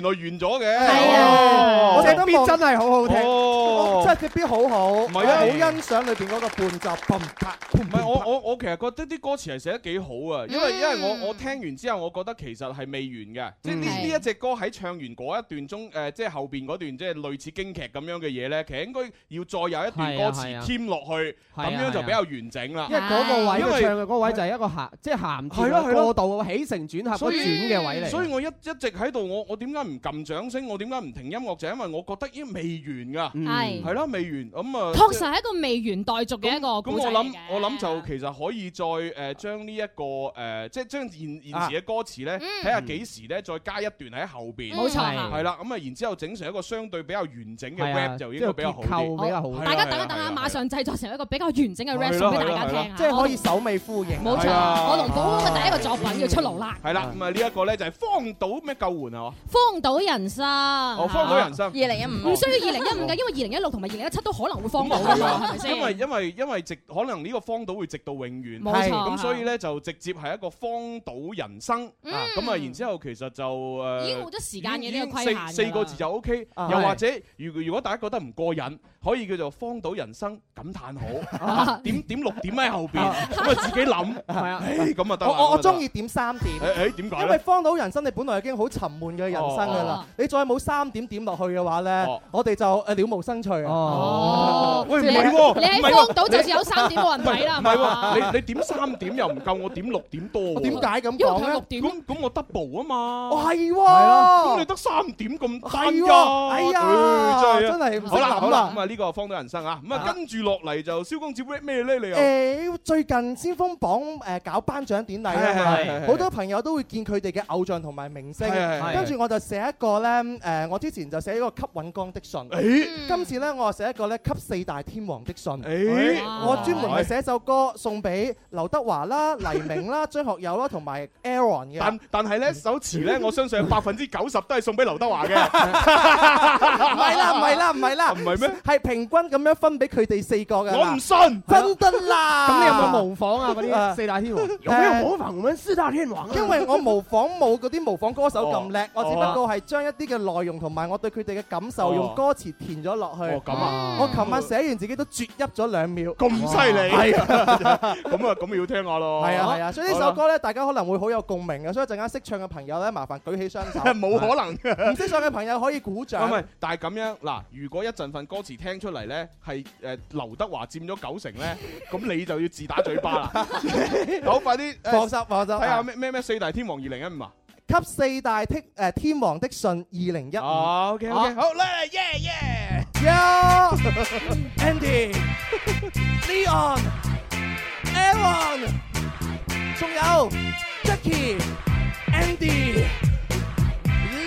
原來完咗嘅。啲好好，唔係啊，好欣賞裏邊嗰個伴奏崩塌。唔係我我我其實覺得啲歌詞係寫得幾好啊，因為因為我我聽完之後，我覺得其實係未完嘅，即係呢呢一隻歌喺唱完嗰一段中誒，即係後邊嗰段即係類似京劇咁樣嘅嘢咧，其實應該要再有一段歌詞添落去，咁樣就比較完整啦。因為嗰個位因為唱嘅嗰位就係一個行，即行鹹字過渡起承轉合所轉嘅位嚟。所以我一一直喺度，我我點解唔撳掌聲？我點解唔停音樂？就係因為我覺得已經未完㗎，係係咯未。咁啊，確實係一個未完待續嘅一個，咁我諗，我諗就其實可以再誒將呢一個誒即係將現現時嘅歌詞咧，睇下幾時咧再加一段喺後邊，冇錯，係啦，咁啊然之後整成一個相對比較完整嘅 rap 就應該比較好啲，比較好啲。大家等一等啊，馬上製作成一個比較完整嘅 rap 送俾大家聽啊，即係可以首尾呼應。冇錯，我同寶寶嘅第一個作品要出爐啦。係啦，咁啊呢一個咧就係荒島咩救援啊？荒島人生。哦，荒島人生。二零一五。唔需要二零一五嘅，因為二零一六同埋二零一七。都可能會荒島，係咪先？因為因為因為直可能呢個荒島會直到永遠，冇錯。咁所以咧就直接係一個荒島人生，咁、嗯、啊然之後，後其實就誒、呃、已經冇咗時間嘅呢個規限。四四個字就 OK，啊、又或者如如果大家覺得唔過癮。可以叫做荒島人生，感嘆好點點六點喺後邊，咁啊自己諗，誒咁啊得啦。我我我中意點三點，誒點解咧？因為荒島人生你本來已經好沉悶嘅人生㗎啦，你再冇三點點落去嘅話咧，我哋就誒了無生趣啊！哦，喂唔係喎，你喺荒島就算有三點冇人睇啦，唔係喎，你你點三點又唔夠我點六點多？點解咁講咧？咁咁我 double 啊嘛，係喎，咁你得三點咁低㗎，係啊，真係，真係，好啦好啦，咁啊呢。個荒島人生啊，咁啊跟住落嚟就蕭公子咩咧？你又誒，最近先鋒榜誒搞頒獎典禮啊，係好多朋友都會見佢哋嘅偶像同埋明星。跟住我就寫一個咧，誒，我之前就寫一個吸尹光的信，誒，今次咧我就寫一個咧吸四大天王的信，誒，我專門係寫首歌送俾劉德華啦、黎明啦、張學友啦同埋 Aaron 嘅。但但係咧，首詞咧，我相信有百分之九十都係送俾劉德華嘅。唔係啦，唔係啦，唔係啦，唔係咩？平均咁樣分俾佢哋四個嘅，我唔信，真得啦！咁你有冇模仿啊？嗰啲四大天王有咩好模仿四大天王啊？因為我模仿冇嗰啲模仿歌手咁叻，我只不過係將一啲嘅內容同埋我對佢哋嘅感受用歌詞填咗落去。哦，咁啊！我琴晚寫完自己都啜泣咗兩秒。咁犀利係啊！咁啊，咁要聽下咯。係啊，係啊，所以呢首歌咧，大家可能會好有共鳴嘅。所以陣間識唱嘅朋友咧，麻煩舉起雙手。冇可能唔識唱嘅朋友可以鼓掌。唔係，但係咁樣嗱，如果一陣份歌詞聽。聽出嚟咧，係誒、呃、劉德華佔咗九成咧，咁 你就要自打嘴巴啦。 好，快啲、呃，放手，看看放手手。睇下咩咩咩四大天王二零一五啊，給四大天誒、呃、天王的信二零一五。好，OK OK，啊、好啦 Yeah Yeah Yo Andy Leon Aaron 仲有 Jackie Andy。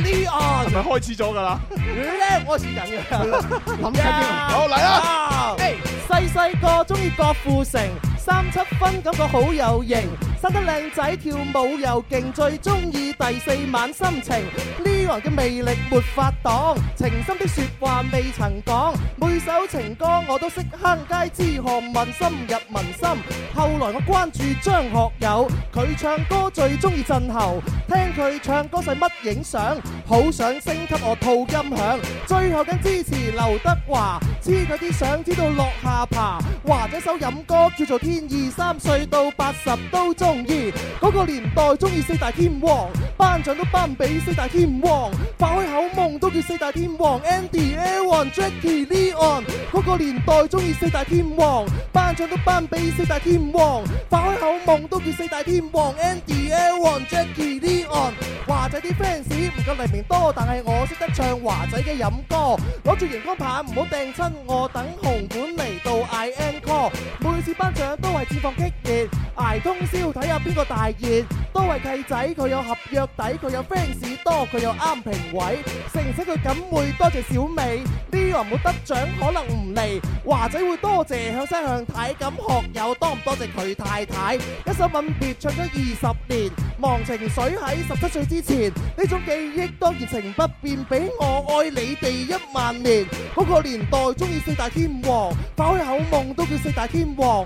呢咪開始咗㗎啦，咧開始緊㗎， 好嚟啦！嘿，hey，細細個中意郭富城。三七分感覺好有型，生得靚仔跳舞又勁，最中意第四晚心情，呢個人嘅魅力沒法擋，情深的説話未曾講，每首情歌我都識哼，街知巷聞深入民心。後來我關注張學友，佢唱歌最中意震喉，聽佢唱歌使乜影相，好想升級我套音響。最後梗支持劉德華，知佢啲相知道落下爬，華仔首飲歌叫做。二三歲到八十都中意，嗰個年代中意四大天王，頒獎都頒俾四大天王，發開口夢都叫四大天王，Andy、Aaron、Jackie、Leon，嗰個年代中意四大天王，頒獎都頒俾四大天王，發開口夢都叫四大天王，Andy、Aaron、Jackie、Leon。華仔啲 fans 唔夠黎明多，但係我識得唱華仔嘅飲歌，攞住熒光棒唔好掟親我，等紅館嚟到 Encore 每次頒獎。都係戰況激烈，挨通宵睇下邊個大熱。都係契仔，佢有合約底，佢有 fans 多，佢又啱評委。成識佢咁會多謝小美。呢輪冇得獎可能唔嚟。華仔會多謝向西向太。咁學友多唔多謝佢太太。一首吻別唱咗二十年，忘情水喺十七歲之前。呢種記憶當然情不變，俾我愛你哋一萬年。嗰個年代中意四大天王，發開口夢都叫四大天王。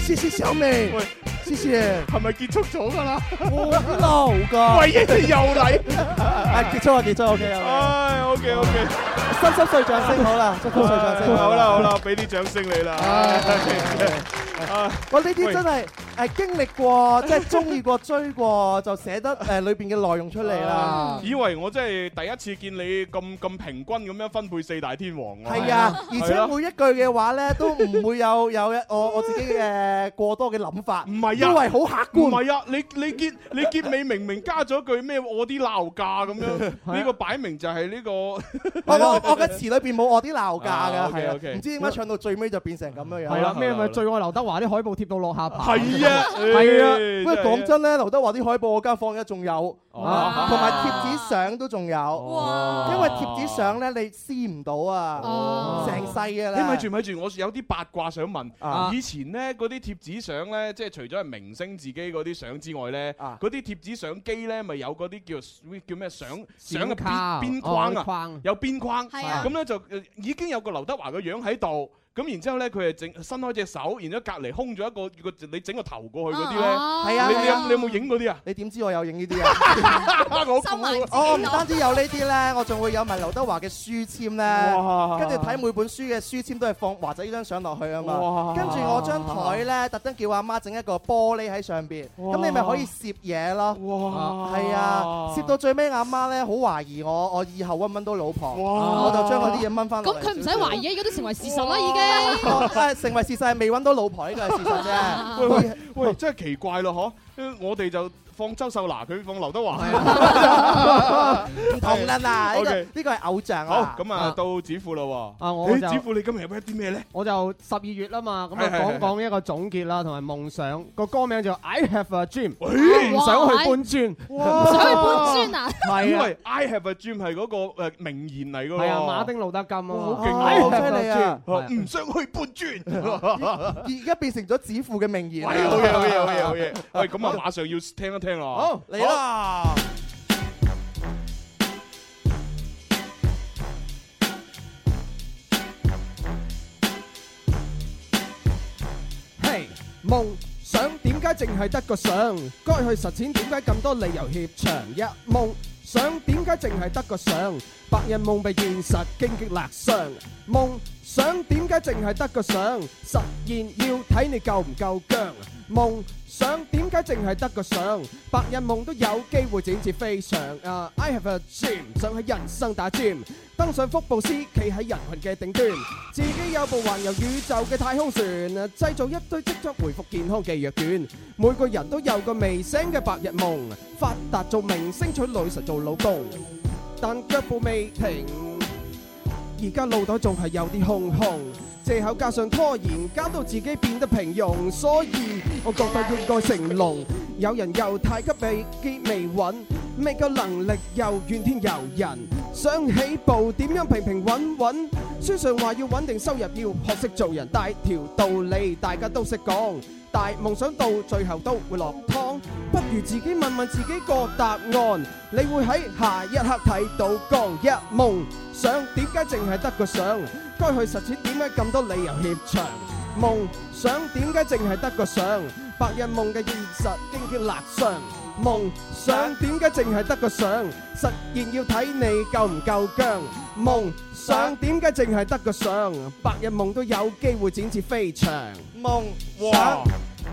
謝謝小美，謝謝，係咪結束咗噶啦？冇噶，唯一嘅有禮，啊結束啊結束，O K 啊，O K O K，濕濕碎掌聲好啦，濕濕碎掌聲好啦好啦，俾啲掌聲你啦，我呢啲真係誒經歷過，即係中意過追過，就寫得誒裏邊嘅內容出嚟啦。以為我真係第一次見你咁咁平均咁樣分配四大天王啊？係啊，而且每一句嘅話咧都唔會有有一我我自己嘅。過多嘅諗法，唔係啊，因為好客觀。唔係啊，你你見你結尾明明加咗句咩我啲鬧架咁樣，呢個擺明就係呢個。我我我嘅詞裏邊冇我啲鬧架噶，係啊，唔知點解唱到最尾就變成咁樣樣。係啦，咩咪最愛劉德華啲海報貼到落下巴。係啊，係啊。不過講真咧，劉德華啲海報我間房一仲有，同埋貼紙相都仲有。哇！因為貼紙相咧你撕唔到啊，成世嘅啦。咪住咪住，我有啲八卦想問。以前咧嗰啲，貼紙相呢，即係除咗係明星自己嗰啲相,相之外呢，嗰啲、啊、貼紙相機呢咪有嗰啲叫叫咩相、啊、相嘅邊,邊框啊，啊有邊框，咁呢、啊、就已經有個劉德華嘅樣喺度。咁然之後咧，佢係整伸開隻手，然之後隔離空咗一個，你整個頭過去嗰啲咧，你有你有冇影嗰啲啊？你點知我有影呢啲啊？我好酷哦！我唔單止有呢啲咧，我仲會有埋劉德華嘅書籤咧，跟住睇每本書嘅書籤都係放華仔呢張相落去啊嘛。跟住我張台咧，特登叫阿媽整一個玻璃喺上邊，咁你咪可以攝嘢咯。係啊，攝到最尾阿媽咧，好懷疑我，我以後揾唔揾到老婆，我就將嗰啲嘢掹翻嚟。咁佢唔使懷疑，而家都成為事實啦已經。係 成為事實，係未揾到老婆，呢個係事實啫。 喂喂，喂，真係奇怪咯，嗬？因我哋就。放周秀娜，佢放劉德華啊，唔同啦。呢個呢個係偶像啊。好，咁啊到子富咯。啊，我就子富，你今日有啲咩咧？我就十二月啦嘛，咁啊講講一個總結啦，同埋夢想個歌名就 I Have a Dream，唔想去搬磚。哇！唔想去搬磚啊？係啊。因為 I Have a Dream 係嗰個誒名言嚟噶。係啊，馬丁路德金啊。好勁啊！我聽你唔想去搬磚，而家變成咗子富嘅名言。好嘢，好嘢，好嘢，好嘢。喂，咁啊馬上要聽一。聽啊！好嚟啦！嘿，夢想點解淨係得個想？該去實踐點解咁多理由怯場？一夢想點解淨係得個想？白日夢被現實荊棘勒傷。夢想點解淨係得個想？實現要睇你夠唔夠薑？夢想點解淨係得個相？白日夢都有機會展翅飛翔啊！I have a dream，想喺人生打尖，登上福布斯，企喺人群嘅頂端，自己有部環遊宇宙嘅太空船，製造一堆即刻回復健康嘅藥丸。每個人都有個未醒嘅白日夢，發達做明星，娶女神做老公，但腳步未停，而家腦袋仲係有啲空空。借口加上拖延，搞到自己變得平庸，所以我覺得應該成龍， 有人又太急，未未力，結未穩，未夠能力又怨天尤人，想起步點樣平平穩穩，書上話要穩定收入，要學識做人，大條道理大家都識講。大夢想到最後都會落湯，不如自己問問自己個答案，你會喺下一刻睇到光。一夢想點解淨係得個想？該去實踐點解咁多理由怯場？夢想點解淨係得個想？白日夢嘅現實驚天立場。夢想點解淨係得個想？實現要睇你夠唔夠僵？夢想點解淨係得個想？白日夢都有機會展翅飛翔。夢想，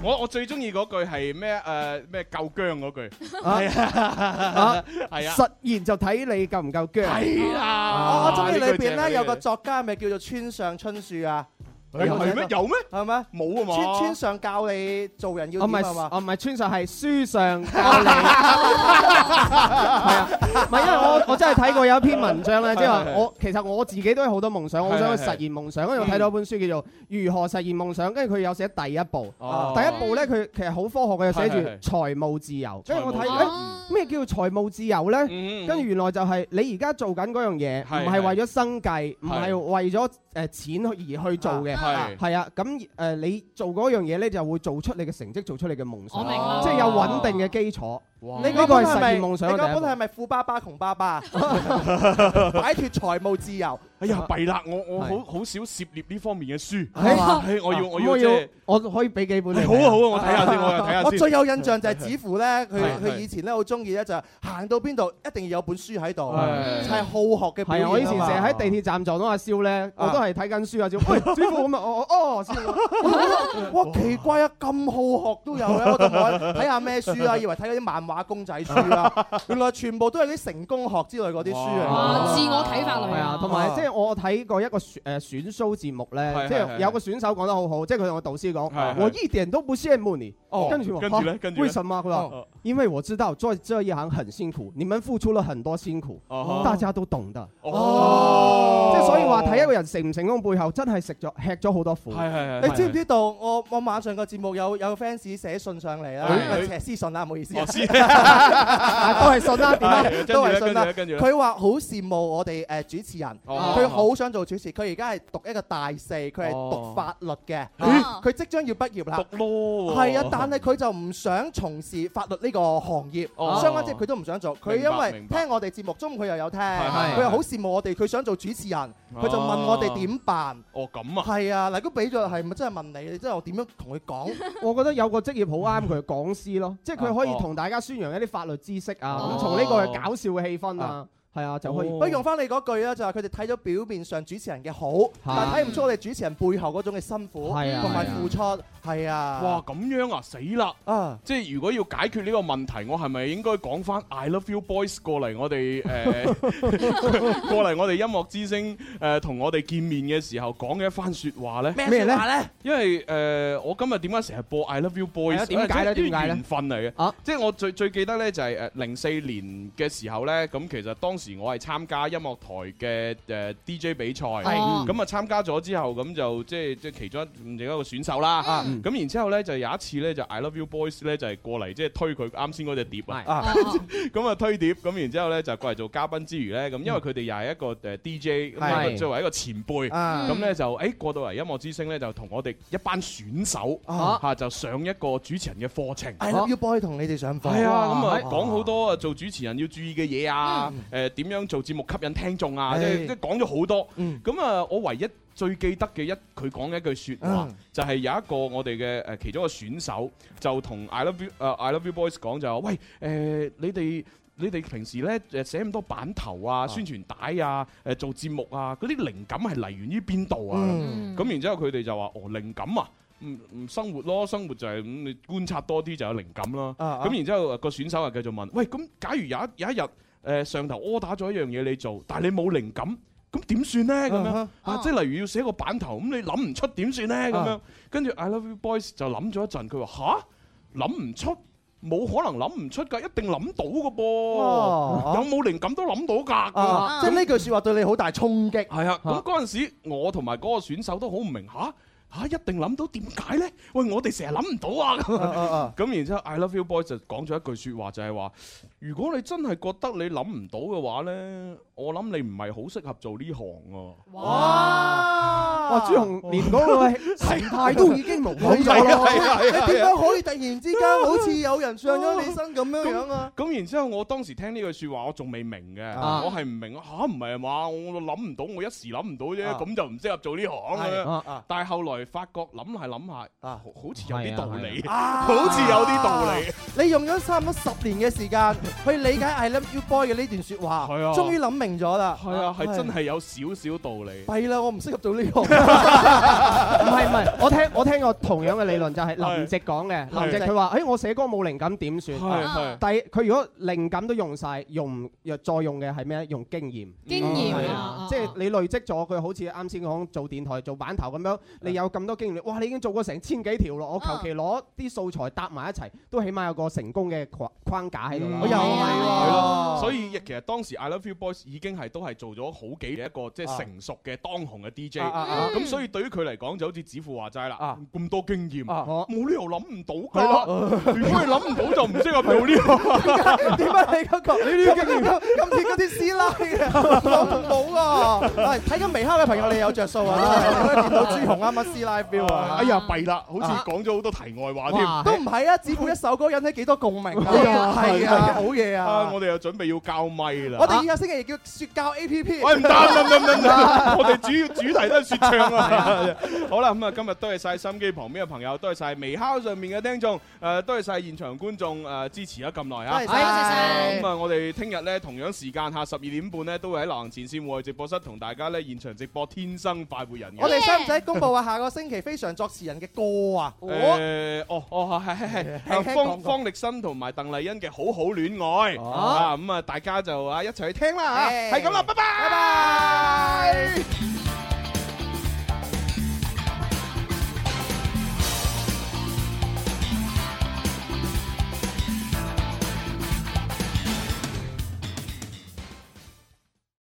我我最中意嗰句係咩？誒咩夠僵嗰句係 啊？係 啊，啊！實現就睇你夠唔夠僵。係啊！我中意裏邊咧有個作家係咪叫做村上春樹啊？係咩有咩係咩冇啊嘛？村上教你做人要點啊？唔係村上，係書上教你啊！唔係，因為我我真係睇過有一篇文章咧，即係話我其實我自己都有好多夢想，我想去實現夢想。跟住我睇到一本書叫做《如何實現夢想》，跟住佢有寫第一步，第一步咧佢其實好科學嘅，寫住財務自由。所以我睇咩叫財務自由咧？跟住原來就係你而家做緊嗰樣嘢，唔係為咗生計，唔係為咗誒錢而去做嘅。係啊，咁誒、呃，你做嗰樣嘢咧，就會做出你嘅成績，做出你嘅夢想，即係有穩定嘅基礎。你個係實現夢想定係？本係咪富爸爸窮爸爸？擺脱財務自由。哎呀，弊啦！我我好好少涉獵呢方面嘅書。我要我要，我要，我可以俾幾本你。好啊好啊，我睇下先，我睇下先。我最有印象就係子乎咧，佢佢以前咧好中意咧就係行到邊度一定要有本書喺度，係好學嘅表現。我以前成日喺地鐵站撞到阿蕭咧，我都係睇緊書啊，子父子父咁我我哦，哇奇怪啊，咁好學都有啊，我同睇下咩書啊，以為睇嗰啲漫畫公仔書啦，原來全部都係啲成功學之類嗰啲書啊。自我啟發類啊，同埋即係我睇過一個誒選秀節目咧，即係有個選手講得好好，即係佢同個導師講，我一點都不羨慕你。哦，跟住話，跟住咧，跟住咧。為什麼佢話？因為我知道做這一行很辛苦，你們付出了很多辛苦，大家都懂得哦，即係所以話睇一個人成唔成功背後，真係食咗吃咗好多苦。係係係。你知唔知道？我我馬上個節目有有 fans 寫信上嚟啊，寫私信啦，唔好意思。我都係信啦，點啊？都係信啦。佢話好羨慕我哋誒主持人，佢好想做主持，佢而家係讀一個大四，佢係讀法律嘅，佢即將要畢業啦。讀 law 係啊，但係佢就唔想從事法律呢個。個行業相關，即係佢都唔想做。佢因為聽我哋節目中，佢又有聽，佢又好羨慕我哋。佢想做主持人，佢就問我哋點辦。哦，咁啊，係啊，嗱，如果俾咗係咪真係問你？你即係我點樣同佢講？我覺得有個職業好啱佢講師咯，即係佢可以同大家宣揚一啲法律知識啊。咁從呢個搞笑嘅氣氛啊。係啊，就可以。不如用翻你嗰句啦，就係佢哋睇咗表面上主持人嘅好，啊、但睇唔出我哋主持人背後嗰種嘅辛苦同埋、啊、付出，係啊。哇、啊，咁、啊、樣啊，死啦！啊，uh, 即係如果要解決呢個問題，我係咪應該講翻《I Love You Boys 過》uh, 過嚟？我哋誒過嚟，我哋音樂之星誒、uh, 同我哋見面嘅時候講嘅一番說話咧，咩咧？因為誒、uh, 我今日點解成日播《I Love You Boys》點解咧？點解咧？緣分嚟嘅。啊，啊啊啊即係我最最記得咧，就係誒零四年嘅時候咧，咁其實當時。我係參加音樂台嘅誒 DJ 比賽，咁啊參加咗之後，咁就即係即係其中一另一個選手啦。咁然之後咧就有一次咧就 I Love You Boys 咧就係過嚟即係推佢啱先嗰隻碟啊，咁啊推碟，咁然之後咧就過嚟做嘉賓之餘咧，咁因為佢哋又係一個誒 DJ，咁啊作為一個前輩，咁咧就誒過到嚟音樂之星咧就同我哋一班選手吓就上一個主持人嘅課程。I Love You Boy 同你哋上課。係啊，咁啊講好多啊做主持人要注意嘅嘢啊，誒。點樣做節目吸引聽眾啊？即係即講咗好多。咁啊、嗯，我唯一最記得嘅一佢講嘅一句説話，嗯、就係、是、有一個我哋嘅誒其中一個選手就同 I Love You 啊、uh, I Love You Boys 講，就話、是：喂誒、呃，你哋你哋平時咧寫咁多版頭啊、宣傳帶啊、誒、呃、做節目啊，嗰啲靈感係嚟源於邊度啊？咁、嗯、然之後佢哋就話：哦、呃、靈感啊，唔、嗯、唔、嗯、生，生活咯，生活就係、是、咁、嗯、你觀察多啲就有靈感啦、啊。咁、啊、然之後個選手就繼續問：喂，咁假如有一有一日，誒上頭鵪打咗一樣嘢你做，但係你冇靈感，咁點算呢？咁樣 uh, uh, uh, 啊，即係例如要寫個版頭，咁你諗唔出點算呢？咁樣跟住 I Love You Boys 就諗咗一陣，佢話吓？諗唔出，冇可能諗唔出㗎，一定諗到㗎噃。Uh, uh, 有冇靈感都諗到㗎。即係呢句説話對你好大衝擊。係、uh, uh, uh, 啊，咁嗰陣時我同埋嗰個選手都好唔明吓？嚇、啊啊，一定諗到，點解呢？喂，我哋成日諗唔到啊咁。Uh, uh, uh, uh, 然之後 I Love You Boys 就講咗一句説話，就係、是、話。如果你真係覺得你諗唔到嘅話咧，我諗你唔係好適合做呢行喎。哇！哇！朱紅練到成派都已經冇好咗啦，你點解可以突然之間好似有人上咗你身咁樣樣啊？咁然之後，我當時聽呢句説話，我仲未明嘅，我係唔明吓？唔係嘛？我諗唔到，我一時諗唔到啫，咁就唔適合做呢行。但係後來發覺諗係諗下，啊，好似有啲道理，好似有啲道理。你用咗差唔多十年嘅時間。去理解 I Love U Boy 嘅呢段説話，係啊，終於諗明咗啦。係啊，係真係有少少道理。係啦、啊，我唔適合做呢個。唔係唔係，我聽我聽過同樣嘅理論，就係林夕講嘅。林夕佢話：誒、欸，我寫歌冇靈感點算？但係佢如果靈感都用晒，用若再用嘅係咩？用經驗。嗯、經驗、啊嗯、即係你累積咗，佢好似啱先講做電台做版頭咁樣，啊、你有咁多經歷，哇！你已經做過成千幾條咯，我求其攞啲素材搭埋一齊，都起碼有個成功嘅框框架喺度啦。所以其實當時 I Love You Boys 已經係都係做咗好幾一個即係成熟嘅當紅嘅 DJ，咁所以對於佢嚟講就好似子富話齋啦，咁多經驗，冇理由諗唔到佢。如果你諗唔到就唔適合做呢個。點解你嗰個？你呢件咁貼嗰啲師奶嘅，唔到啊？係睇緊微黑嘅朋友，你有着數啊？見到朱紅啱啱師奶飆啊！哎呀，弊啦，好似講咗好多題外話添。都唔係啊，子富一首歌引起幾多共鳴係啊。好嘢啊！我哋又準備要教咪啦。我哋呢個星期叫雪教 A P P。喂，唔得唔得唔得！我哋、欸、 主要主題都係説唱啊。 好啦，咁、嗯、啊，今日多謝晒心機旁邊嘅朋友，多謝晒微敲上面嘅聽眾，誒、呃，多謝晒現場觀眾誒、呃、支持咗咁耐啊！多謝曬。咁一言一言啊，嗯嗯、我哋聽日咧同樣時間下十二點半咧都會喺流行前線戶外直播室同大家咧現場直播《天生快活人》。我哋使唔使公布下、啊、一言下個星期非常作詞人嘅歌啊？誒、哦，一言哦，哦，係係係，方方力申同埋鄧麗欣嘅《好好戀》一言。外，咁啊、哦蛤嗯，大家就啊一齊去聽啦嚇，係咁、欸、啦，拜拜，拜拜拜拜。